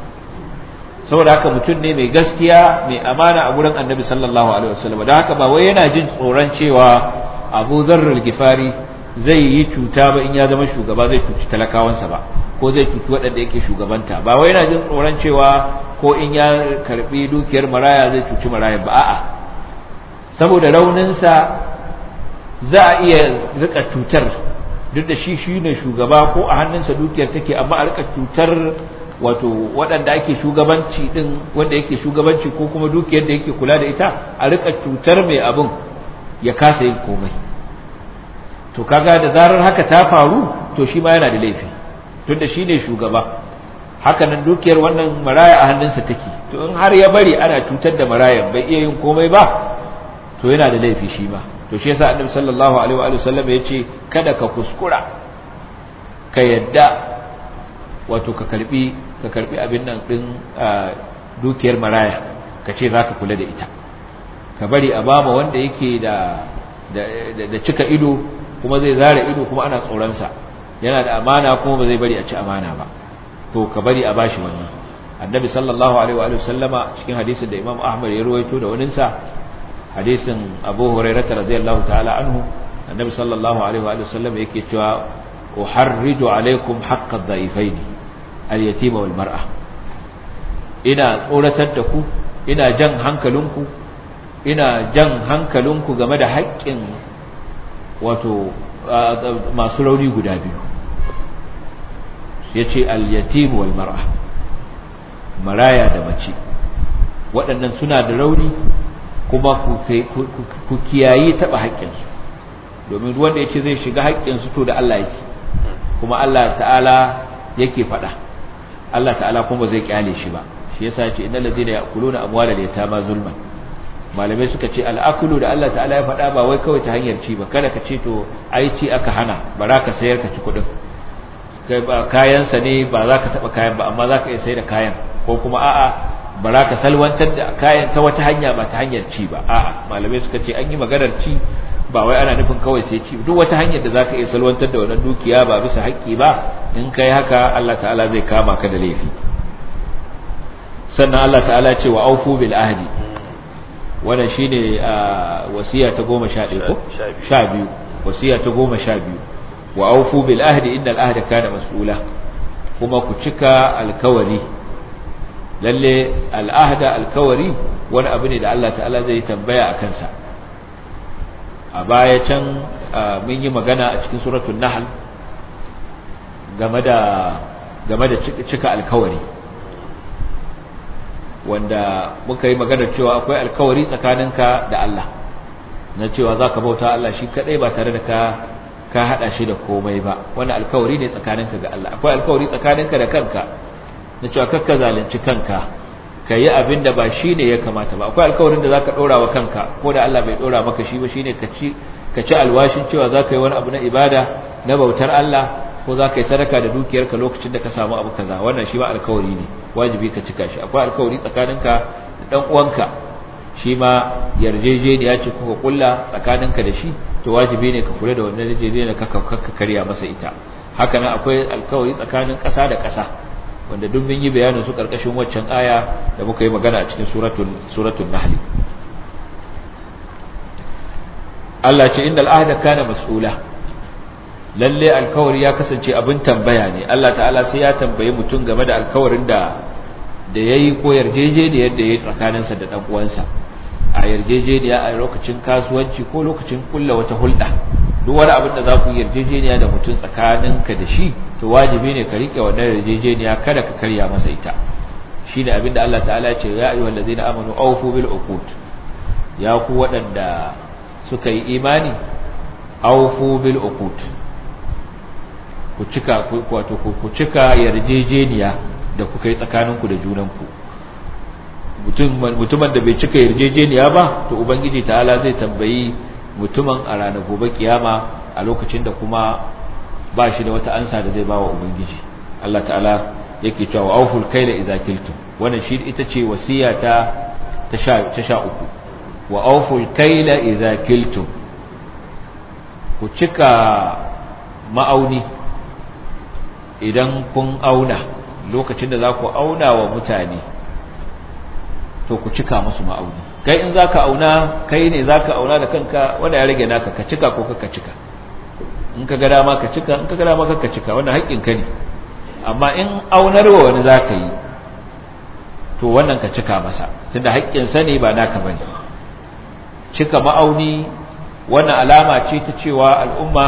saboda haka mutum ne mai gaskiya mai amana a gurin annabi sallallahu alaihi wa sallam dan haka ba wai yana jin tsoron cewa Abu Zar al gifari zai yi cuta ba in ya zama shugaba zai cuci talakawansa ba ko zai cuci waɗanda yake shugabanta ba wai yana jin tsoron cewa ko in ya karbi dukiyar maraya zai cuci maraya ba a'a saboda rauninsa za a iya rika cutar duk da shi shi ne shugaba ko a hannunsa dukiyar take amma a rika cutar wato waɗanda ake shugabanci ɗin wanda yake shugabanci ko kuma dukiyar da yake kula da ita a rika cutar mai abin ya kasa yin komai to kaga da zarar haka ta faru to shi ma yana da laifi da shi ne shugaba hakanan dukiyar wannan maraya a hannunsa take to in har ya bari ana cutar da marayan bai iya yin komai ba to yana da laifi shi ma to shi yasa annabi sallallahu alaihi wa sallam yace kada ka kuskura ka yadda wato ka karbi ka karbi abin nan din dukiyar maraya ka ce zaka kula da ita ka bari a bama wanda yake da da cika ido kuma zai zara ido kuma ana tsoron sa yana da amana kuma ba zai bari a ci amana ba to ka bari a bashi wannan annabi sallallahu alaihi wa sallama cikin hadisin da imam ahmad ya ruwaito da waninsa hadisin abu hurairah radiyallahu ta'ala anhu annabi sallallahu alaihi wa sallam yake cewa uharriju alaikum haqqad dhaifain al-yatima wal mar'a ina tsoratar da ku ina jan hankalinku ina jan hankalinku game da haƙƙin wato masu rauni guda biyu yace al-yatim wal mar'a maraya da mace waɗannan suna da rauni kuma ku kiyayi taɓa haƙƙinsu domin ruwan da ya ce zai shiga haƙƙinsu to da Allah yake kuma Allah ta'ala yake faɗa Allah ta'ala kuma zai kyale shi ba shi yasa ce innal ladina ya'kuluna amwalal yatama zulman malamai suka ce al'akulu da Allah ta'ala ya faɗa ba wai kawai ta hanyar ci ba kada ka ce to ai ci aka hana bara ka sayar ka ci kuɗin kai ba kayan ne ba za ka taɓa kayan ba amma za ka iya sayar da kayan ko kuma a'a ba za ka salwantar da kayan ta wata hanya ba ta hanyar ci ba a'a malamai suka ce an yi maganar ci ba wai ana nufin kawai sai ci duk wata hanyar da za ka iya salwantar da wannan dukiya ba bisa haƙƙi ba in kai haka Allah ta'ala zai kama ka da laifi sannan Allah ta'ala ce wa aufu bil ahdi wannan shine wasiya ta 11 ko 12 wasiya ta 12 wa aufu bil ahdi innal ahda kana mas'ula kuma ku cika alkawari lalle al'ahda alkawari wani abu ne da Allah ta'ala zai tambaya a kansa a baya can mun yi magana a cikin suratun Nahal game da cika alkawari wanda muka yi magana cewa akwai alkawari tsakaninka da Allah na cewa zaka bauta Allah shi kadai ba tare da ka ka hada shi da komai ba wani alkawari ne tsakaninka ga Allah akwai alkawari tsakaninka da kanka na cewa kakka zalunci kanka ka yi abin da ba shi ne ya kamata ba akwai alkawarin da za ka ɗora wa kanka ko da Allah bai ɗora maka shi ba shi ne ka ci alwashin cewa za ka yi wani abu na ibada na bautar Allah ko za ka yi sadaka da dukiyarka lokacin da ka samu abu kaza wannan shi ba alkawari ne wajibi ka cika shi akwai alkawari tsakaninka da ɗan uwanka shi ma yarjejeniya ce kuka kulla tsakaninka da shi to wajibi ne ka kula da wannan yarjejeniya ka karya masa ita haka nan akwai alkawari tsakanin ƙasa da ƙasa wanda duk mun yi bayanin su karkashin waccan aya da muka yi magana a cikin suratul suratul nahl Allah ce innal ahda kana mas'ula lalle alkawari ya kasance abin tambaya ne Allah ta'ala sai ya tambaye mutum game da alkawarin da da yayi ko yarjejeniyar da yayi tsakaninsa da dan uwansa a yarjejeniya a lokacin kasuwanci ko lokacin kulla wata hulɗa duk wani abin da za ku yarjejeniya da mutum tsakaninka da shi to wajibi ne ka riƙe wannan yarjejeniya kada ka karya masa ita shi ne abin da Allah ta'ala ya ce ya ayyuhal na amanu awfu bil uqud ya ku waɗanda suka yi imani awfu bil uqud wato ku cika yarjejeniya da kuka yi tsakaninku da junanku mutumin da bai cika yarjejeniya ba to ubangiji ta'ala zai tambayi mutumin a ranar gobe kiyama a lokacin da kuma ba shi da wata ansa da zai bawa ubangiji Allah ta'ala yake cewa auful kaila idza kiltum wannan shi ita ce wasiya ta ta sha uku wa auful kaila idza kiltum ku cika ma'auni idan kun auna lokacin da za ku auna wa mutane to ku cika musu ma'auni kai in zaka auna kai ne zaka auna da kanka wanda ya rage naka ka cika ko ka cika in ka ga dama ka cika in ka ga dama ka cika wannan haƙƙin ka ne amma in aunarwa wani zaka yi to wannan ka cika masa tunda haƙƙin sa ne ba naka bane cika ma'auni wannan alama ce ta cewa al'umma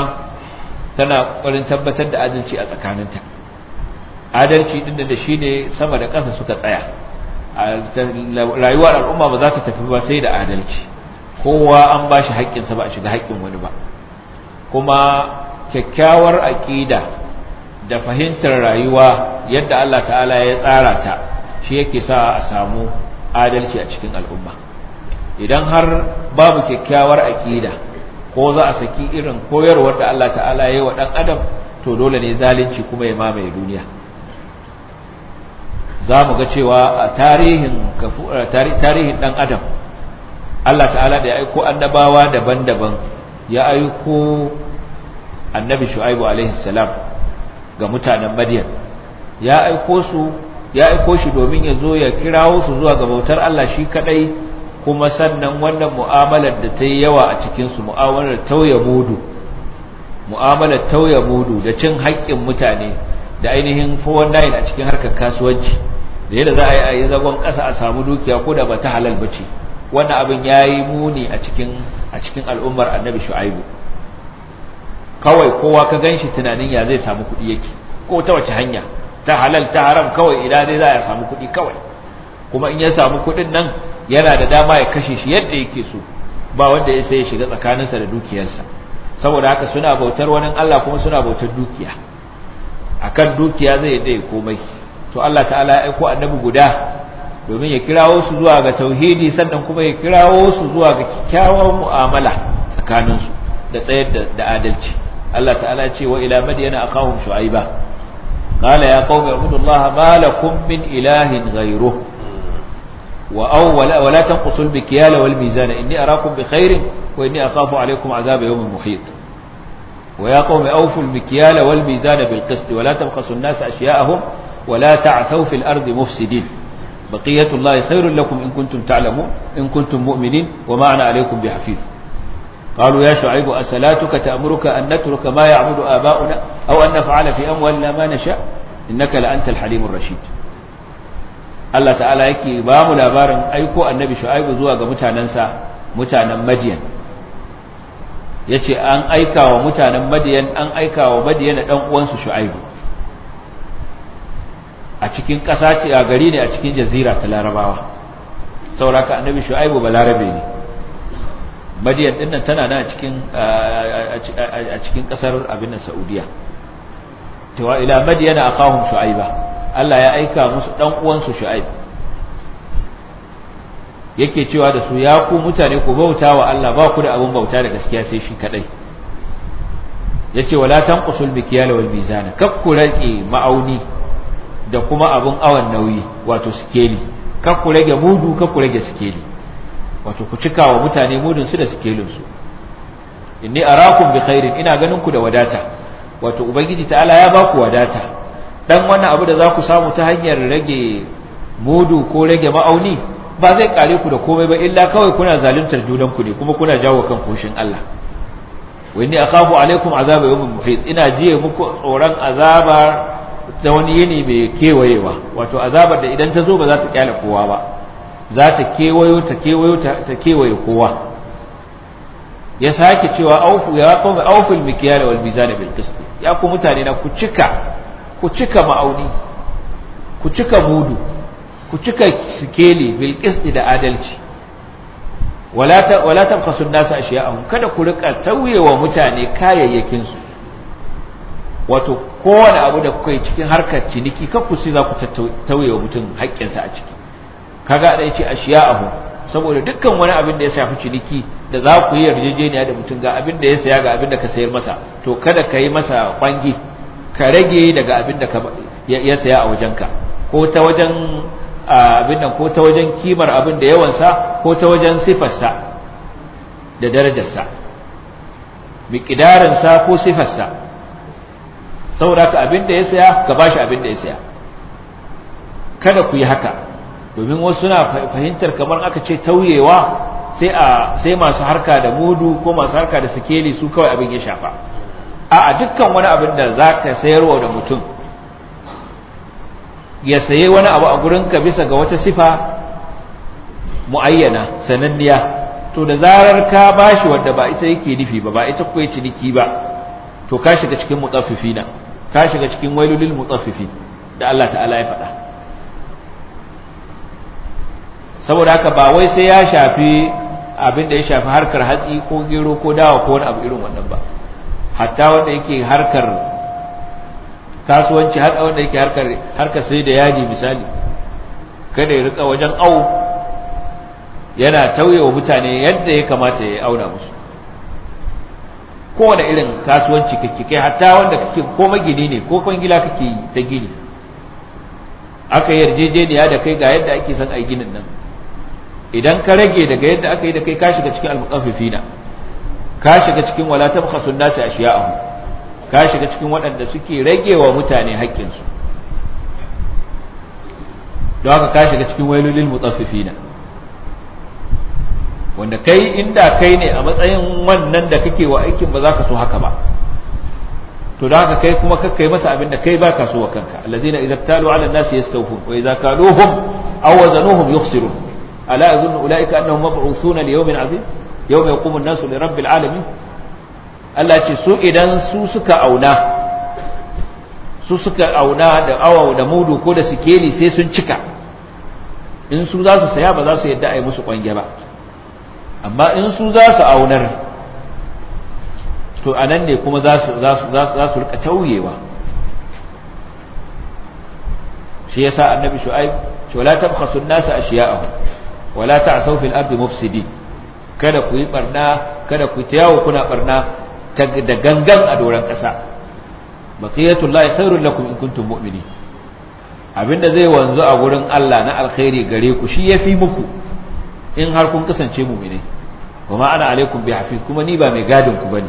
tana ƙoƙarin tabbatar da adalci a tsakaninta adalci din da shine sama da ƙasa suka tsaya rayuwar al'umma ba za ta tafi ba sai da adalci kowa an ba shi haƙƙinsa ba a shiga haƙƙin wani ba kuma kyakkyawar aƙida da fahimtar rayuwa yadda Allah ta'ala ya tsara ta shi yake sa a samu adalci a cikin al'umma idan har babu kyakkyawar aƙida ko za a saki irin koyarwar da Allah ta'ala ya yi wa ɗan adam to dole ne zalunci kuma ya mamaye duniya za mu ga cewa a tarihin tarihin ɗan adam Allah ta'ala da ya aiko annabawa daban-daban ya aiko annabi shu'aibu alaihi salam ga mutanen madiyan ya aiko su ya aiko shi domin ya zo ya kirawo su zuwa ga bautar Allah shi kadai kuma sannan wannan mu'amalar da ta yi yawa a cikin su mu'amalar tauya mudu mu'amalar tauya mudu da cin haƙƙin mutane da ainihin 419 a cikin harkar kasuwanci da yadda za a yi a yi zagon ƙasa a samu dukiya ko da ba ta halal ba ce wannan abin ya yi muni a cikin al'ummar annabi shu'aibu kawai kowa ka gan shi tunanin ya zai samu kuɗi yake ko ta wace hanya ta halal ta haram kawai idan dai za a samu kuɗi kawai kuma in ya samu kuɗin nan yana da dama ya kashe shi yadda yake so ba wanda ya sai ya shiga tsakaninsa da dukiyarsa saboda haka suna bautar wani Allah kuma suna bautar dukiya akan dukiya zai dai komai to Allah ta'ala ya aiko annabi guda domin ya kirawo su zuwa ga tauhidi sannan kuma ya kirawo su zuwa ga kyakkyawar mu'amala tsakaninsu da tsayar da adalci Allah ta'ala ya ce wa ila madyana akahum shu'aiba qala ya qaumi ibudullaha ma lakum min ilahin ghayruhu wa awwala wa la tanqusul bikyala wal mizana inni arakum bi khairin wa inni akhafu alaykum azaba yawmin muhit ويا قوم أوفوا المكيال والميزان بالقسط ولا تبخسوا الناس أشياءهم ولا تعثوا في الأرض مفسدين بقية الله خير لكم إن كنتم تعلمون إن كنتم مؤمنين وما أنا عليكم بحفيظ قالوا يا شعيب أسلاتك تأمرك أن نترك ما يعبد آباؤنا أو أن نفعل في أموالنا ما نشاء إنك لأنت الحليم الرشيد الله تعالى yake ba mu labarin aiko annabi shu'aibu zuwa ga mutanansa mutanen madiyan yace an aika wa mutanen madiyan an aika wa madiyan dan uwansu shu'aibu a cikin ƙasa ce a gari ne a cikin jazira ta larabawa sauraka annabi shu'aibu ba larabe ne madiyan dinnan tana nan a cikin ƙasar abin saudiya tewa ila madiyana akahum shu'aiba Allah ya aika musu dan uwansu shu'aib yake cewa da su ya ku mutane ku bauta wa Allah ba ku da abun bauta da gaskiya sai shi kadai yace wala tanqusul mikyala wal mizana kab ku rake ma'auni da kuma abin awon nauyi wato sikeli kaku ku rage mudu kaku ku rage sikeli wato ku cika wa mutane mudun su da sikelinsu. su inni arakum bi khairin ina ganin ku da wadata wato ubangiji ta Ala ya baku wadata dan wannan abu da za ku samu ta hanyar rage mudu ko rage ma'auni ba zai kare ku da komai ba illa kawai kuna zaluntar junanku ne kuma kuna jawo kan koshin Allah wani akhafu alaikum azaba yawmin muhit ina jiye muku tsoron azabar. da wani yini mai kewayewa wato azabar da idan ta zo ba za ta kyale kowa ba za ta kewayo ta kewayo ta kewaye kowa ya sake cewa aufu ya qawmi aufil mikyal wal mizan bil qist ya ku mutane na ku cika ku cika ma'auni ku cika budu ku cika sikeli bil qist da adalci wala ta wala tabqasu an-nas kada ku rika wa mutane kayayyakin su wato kowane abu da kuka yi cikin harkar ciniki kakku sai za ku tauye wa mutum haƙƙinsa a ciki kaga da yace abu saboda dukkan wani abin da ya shafi ciniki da za ku yi yarjejeniya da mutum ga abin da ya saya ga abin da ka sayar masa to kada ka yi masa kwangi ka rage daga abin da ya saya a wajenka ko ta wajen abin nan ko ta wajen kimar abin da yawansa ko ta wajen sifarsa da darajarsa sa ko sifarsa saboda ka abin da ya saya ka bashi abin da ya saya kada ku yi haka domin wasu suna fahimtar kamar aka ce tauyewa sai a sai masu harka da mudu ko masu harka da sikeli su kawai abin ya shafa a dukkan wani abin da za ka sayarwa da mutum ya saye wani abu a gurin ka bisa ga wata sifa mu'ayyana sananniya to da zarar ka bashi wadda ba ita yake nufi ba ba ita kuwa ciniki ba to ka shiga cikin mutaffifina ka shiga cikin wailulil mutaffifin da Allah ta'ala ya faɗa saboda haka ba wai sai ya shafi abin da ya shafi harkar hatsi ko gero ko dawa ko wani abu irin wannan ba hatta wanda yake harkar kasuwanci hatta wanda yake harkar harkar sai da yaji misali kada ya rika wajen au yana tauye wa mutane yadda ya kamata ya auna musu kowane irin kasuwanci kake kai hatta wanda kake ko magini ne ko kwangila kake yi ta gini aka yi yarjejeniya da kai ga yadda ake son a yi ginin nan idan ka rage daga yadda aka yi da kai ka shiga cikin almuqaffifina ka shiga cikin wala a nasi ashiya'ahu ka shiga cikin waɗanda suke rage wa mutane haƙƙinsu don haka ka shiga cikin wailulil mutaffifina wanda kai inda kai ne a matsayin wannan da kake wa aikin ba za ka so haka ba to da haka kai kuma kakkai masa abin da kai baka so wa kanka allazina idza talu ala an-nasi yastawfun wa idza kaluhum aw wazanuhum yukhsirun ala yazunnu ulaika annahum mab'uthuna li yawmin azim yawma yaqumu an-nasu li rabbil alamin Allah ce su idan su suka auna su suka auna da awa da mudu ko da sikeli sai sun cika in su za su saya ba za su yadda a yi musu kwange ba amma in su za su aunar to anan ne kuma za su rika tauyewa shi sa annabi shu'aib to la tabkhasu an-nasa ashiya'ahum wa la ta'thaw fil ardi mufsidin kada ku yi barna kada ku tayawo kuna barna da gangan a doran kasa baqiyatullahi khairul lakum in kuntum mu'minin abinda zai wanzu a gurin Allah na alkhairi gare ku shi yafi muku in har kun kasance mu mu'mini kuma ana alaikum bi hafiz kuma ni ba mai gadin ku bane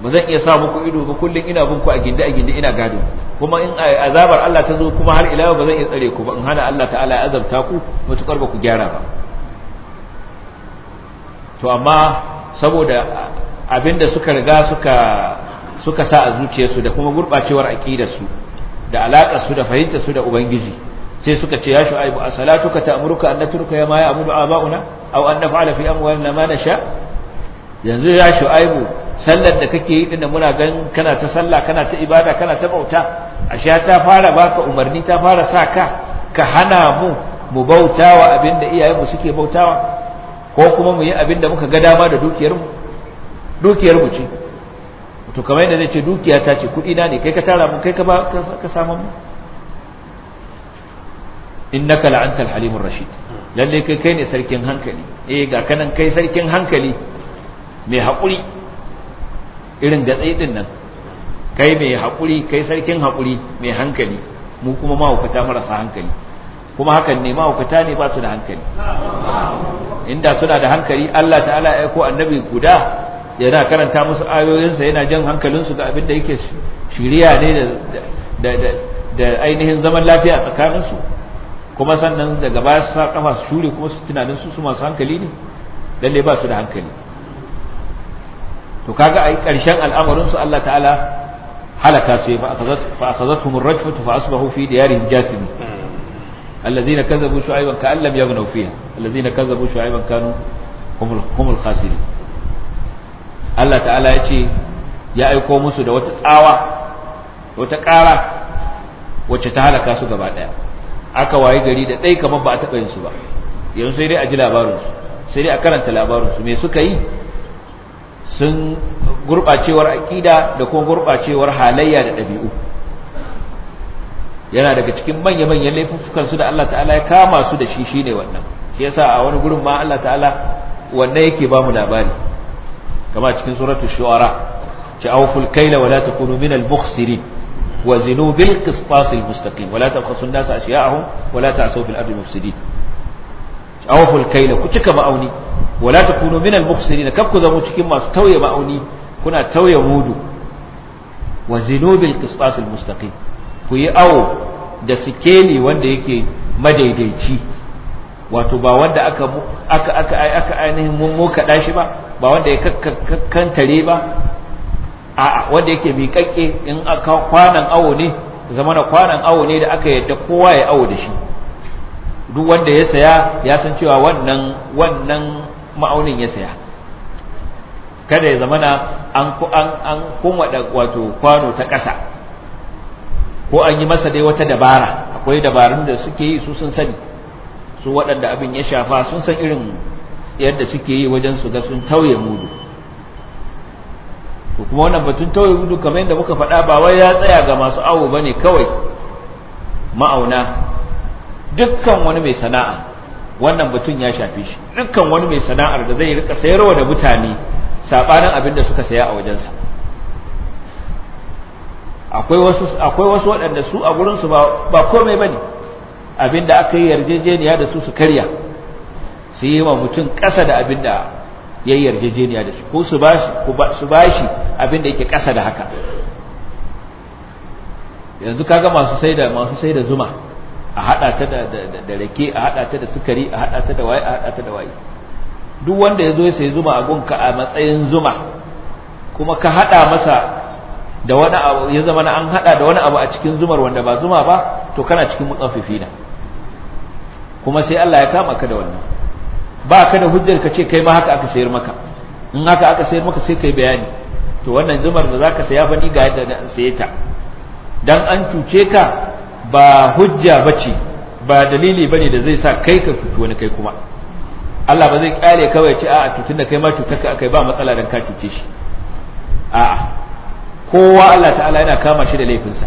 ba zan iya sa muku ido ba kullun ina bin ku a gindi a gindi ina gadin kuma in azabar Allah ta zo kuma har ila ba zan iya tsare ku ba in hana Allah ta'ala ya azabta ku mutukar ba ku gyara ba to amma saboda abinda suka riga suka suka sa a zuciyarsu da kuma gurbacewar su da alaƙar su da fahimtar su da ubangiji sai suka ce ya shu'aibu a salatuka ta'muruka an natruka ya ma ya'budu aba'una aw an naf'ala fi amwalina ma nasha yanzu ya shu'aibu sallar da kake yi dinda muna gan kana ta sallah kana ta ibada kana ta bauta ashe ta fara baka umarni ta fara sa ka ka hana mu mu bautawa abinda iyayenmu suke bautawa ko kuma mu yi abinda muka ga dama da dukiyar mu dukiyar mu ce to kamar yadda zai ce dukiya ta ce kudi na ne kai ka tara mu kai ka ka samu mu innaka la'antal halimur rashid lalle kai kai ne sarkin hankali eh ga kanan kai sarkin hankali mai haƙuri irin gatsai din nan kai mai haƙuri kai sarkin haƙuri mai hankali mu kuma mahaukata marasa hankali kuma hakan ne mahaukata ne ba su da hankali inda suna da hankali Allah ta'ala ya ko annabi guda yana karanta musu ayoyinsa yana jan hankalinsu ga abin da yake shiriya ne da ainihin zaman lafiya tsakaninsu kuma sannan daga baya su sa kafa su shure kuma su tunanin su su masu hankali ne lalle ba su da hankali to kaga a ƙarshen al'amarin su Allah ta'ala halaka su ya fa akhadathum ar-rajfatu fa asbahu fi diyarihim jasimin alladhina kadhabu shu'ayban ka'an lam yaghnaw fiha alladhina kadhabu shu'ayban kanu humul khasirin Allah ta'ala ya ce ya aiko musu da wata tsawa wata ƙara wacce ta halaka su gaba ɗaya aka waye gari da dai kamar ba a taɓa yin su ba yanzu sai dai a ji su sai dai a karanta su, me suka yi sun gurbacewar aƙida da kuma gurbacewar halayya da ɗabi'u yana daga cikin manya-manyan laifukan su da Allah ta'ala ya kama su da shi shi wannan shi yasa a wani gurin ma Allah ta'ala wannan yake ba mu labari kama cikin suratul shu'ara ci awful kaila wala takunu minal mukhsirin وزنوا بالقسطاس المستقيم ولا تبخسوا الناس أشياءهم ولا تعسوا في الأرض مفسدين أوفوا الكيل كتك مأوني ولا تكونوا من المخسرين كم كذبوا تكما توي مأوني كنا توي مودو وزنوا بالقسطاس المستقيم كي أو da sikeli wanda yake madaidaici wato ba wanda aka aka aka ainihin mun muka dashi ba ba wanda ya kankantare ba a'a wanda yake miƙaƙe in aka kwanan awo ne zamana kwanan awo ne da aka yadda kowa ya awo da shi duk wanda ya saya ya san cewa wannan wannan ma'aunin ya saya kada ya zamana an an an wato kwano ta ƙasa ko an yi masa dai wata dabara akwai dabarun da suke yi su sun sani su waɗanda abin ya shafa sun san irin yadda suke yi wajen su ga sun tauye mudu ko kuma wannan batun tauye hudu kamar yadda muka faɗa ba wai ya tsaya ga masu awo bane kawai ma'auna dukkan wani mai sana'a wannan batun ya shafe shi dukkan wani mai sana'ar da zai rika sayarwa da mutane sabanin abin da suka saya a wajensa akwai wasu akwai wasu waɗanda su a gurin su ba ba komai bane abin da aka yi yarjejeniya da su su karya su yi wa mutum ƙasa da abin da ya yarjejeniya da shi ko su bashi ko su bashi abin da yake ƙasa da haka yanzu kaga masu saida masu saida zuma a hada ta da da rake a hada ta da sukari a hada ta da waye a hada ta da waye duk wanda yazo ya zuma a gunka a matsayin zuma kuma ka hada masa da wani abu ya zama na an hada da wani abu a cikin zumar wanda ba zuma ba to kana cikin mutsaffifi na kuma sai Allah ya kama ka da wannan ba ka da hujjar ka ce kai ma haka aka sayar maka in haka aka sayar maka sai kai bayani to wannan zumar da zaka saya fa ni ga yadda na saye ta dan an cuce ka ba hujja bace ba dalili bane da zai sa kai ka cuci wani kai kuma Allah ba zai kyale kawai ce a'a tutun da kai ma cutar ka akai ba matsala dan ka cuce shi a'a kowa Allah ta'ala yana kama shi da laifinsa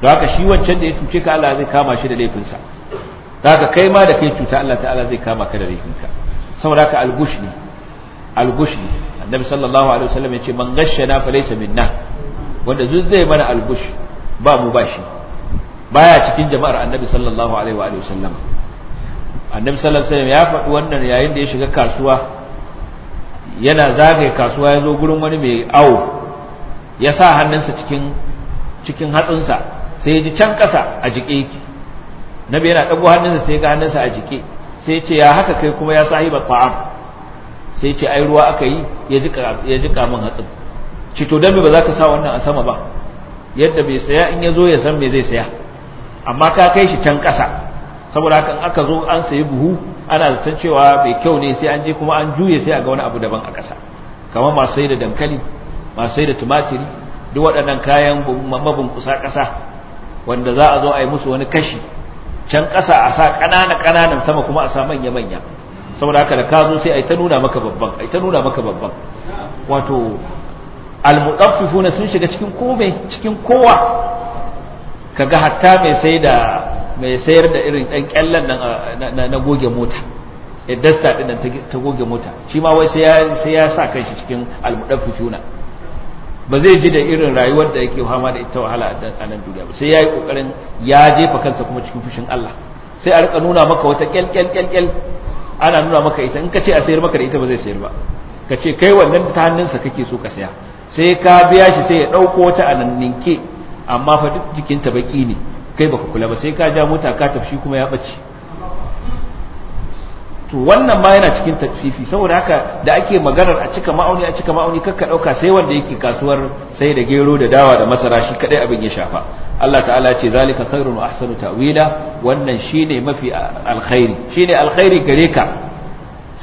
don haka shi wancan da ya cuce ka Allah zai kama shi da laifinsa daga kai ma da kai cuta Allah ta'ala zai kama ka da rikinka. saboda haka algush ne algush ne annabi sallallahu alaihi wasallam ya ce man na fa laysa minna wanda zuz zai mana algush ba mu ba shi baya cikin jama'ar annabi sallallahu alaihi wa sallam annabi sallallahu alaihi wasallam ya faɗi wannan yayin da ya shiga kasuwa yana zagaye kasuwa ya zo gurin wani mai awo ya sa hannunsa cikin cikin hatsinsa sai ya ji can ƙasa a jike yake nabi yana dago hannunsa sai ga hannunsa a jike sai ya ce ya haka kai kuma ya sahiba ta'am sai ce ai ruwa aka yi ya jika ya jika min hatsin ci to dan ba za ka sa wannan a sama ba yadda bai saya in ya zo ya san me zai saya amma ka kai shi can ƙasa saboda haka in aka zo an sayi buhu ana zaton cewa bai kyau ne sai an je kuma an juye sai a ga wani abu daban a ƙasa kamar masu sai da dankali masu sai da tumatiri duk waɗannan kayan mabunkusa ƙasa wanda za a zo a yi musu wani kashi can ƙasa a sa ƙanana ƙananan sama kuma a sa manya manya saboda haka da ka zo sai ai ta nuna maka babban ai ta nuna maka babban wato na sun shiga cikin kome cikin kowa kaga hatta mai sai da mai sayar da irin ɗan kyallan nan na goge mota idan eh, sta ta goge mota shi ma wai sai ya sa ya shi kanshi cikin almudaffifuna ba zai ji da irin rayuwar da yake fama da ita wahala a nan duniya ba sai yayi kokarin ya jefa kansa kuma cikin fushin Allah sai a rika nuna maka wata kyal kyal kyal ana nuna maka ita in ka ce a sayar maka da ita ba zai sayar ba ka ce kai wannan ta hannunsa kake so ka saya sai ka biya shi sai ya ɗauko wata a nan ninke, amma fa duk jikinta baki ne kai baka kula ba sai ka ja mota ka tafi kuma ya bace to wannan ma yana cikin tafsifi saboda haka da ake maganar a cika ma'auni a cika ma'auni kakka dauka sai wanda yake kasuwar sai da gero da dawa da masara shi kadai abin ya shafa Allah ta'ala ce zalika khairun wa ahsanu ta'wila wannan shine mafi alkhairi shine alkhairi gare ka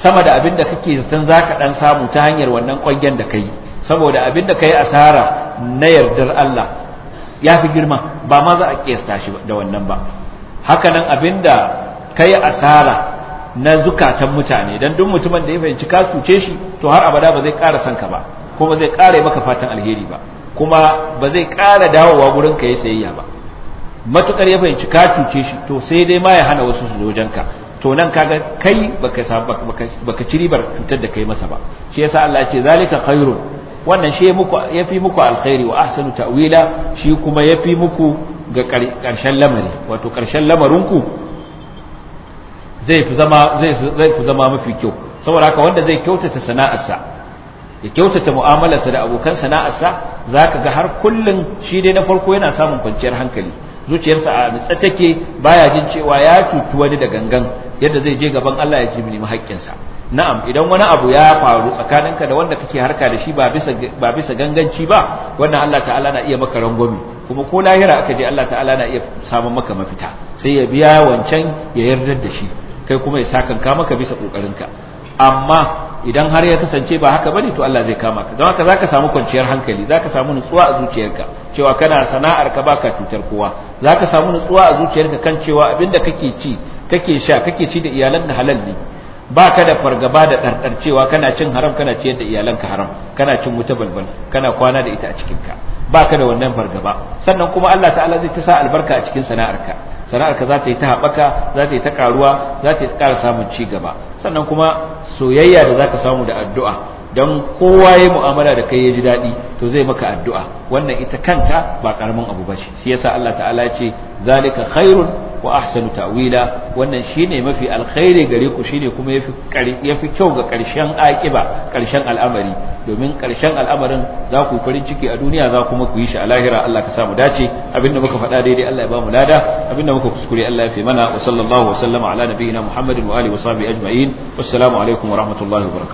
sama da abinda da kake za zaka dan samu ta hanyar wannan kwangen da kai saboda abinda da kai asara na yardar Allah yafi girma ba ma za a kiyasta shi da wannan ba haka nan abin da kai asara na zukatan mutane dan duk mutumin da ya fahimci ka cuce shi to har abada ba zai ƙara son ka ba kuma zai ƙara maka fatan alheri ba kuma ba zai ƙara dawowa gurin ka ya sayayya ba matukar ya fahimci ka cuce shi to sai dai ma ya hana wasu su zo ka to nan kaga kai baka ci ribar cutar da kai masa ba shi yasa Allah ya ce zalika khairun wannan shi muku yafi muku alkhairi wa ahsanu ta'wila shi kuma yafi muku ga karshen lamari wato karshen ku zai fi zama zai zai fi zama mafi kyau saboda haka wanda zai kyautata sana'arsa ya kyautata mu'amalarsa da abokan sana'arsa zaka ga har kullun shi dai na farko yana samun kwanciyar hankali zuciyarsa a nutsa take baya jin cewa ya tutu wani da gangan yadda zai je gaban Allah ya ji mini nemi na'am idan wani abu ya faru tsakaninka da wanda kake harka da shi ba bisa ba bisa ganganci ba wannan Allah ta'ala na iya maka rangwami kuma ko lahira aka je Allah ta'ala na iya samun maka mafita sai ya biya wancan ya yardar da shi kai kuma ya sakanka maka bisa kokarinka amma idan har ya kasance ba haka bane to Allah zai kama ka don haka zaka samu kwanciyar hankali zaka samu nutsuwa a zuciyarka cewa kana sana'ar ka baka cutar kowa zaka samu nutsuwa a zuciyarka kan cewa abinda kake ci kake sha kake ci da iyalan da halal ne ba ka da fargaba da ɗarɗar kana cin haram kana ciyar da iyalanka haram kana cin wuta balbal kana kwana da ita a cikinka ba ka da wannan fargaba sannan kuma Allah ta'ala zai ta sa albarka a cikin sana'arka sana'arka za ta yi ta haɓaka za ta yi ta ƙaruwa za ta yi ta ƙara samun ci gaba sannan kuma soyayya da za ka samu da addu'a don kowa ya mu'amala da kai ya ji daɗi to zai maka addu'a wannan ita kanta ba ƙaramin abu ba ce shi yasa Allah ta'ala ce zalika khairun wa ahsanu ta'wila wannan shine mafi alkhairi gare ku shine kuma yafi fi kyau ga ƙarshen aƙiba, ƙarshen al'amari domin ƙarshen al'amarin za ku farin ciki a duniya za kuma ku yi shi a lahira Allah ka samu dace abinda muka faɗa daidai Allah ya ba mu lada abinda muka kuskure Allah ya fi mana wa sallallahu wa sallama ala nabiyina Muhammadin wa alihi wa sahbihi ajma'in wassalamu alaikum wa rahmatullahi wa barakatuh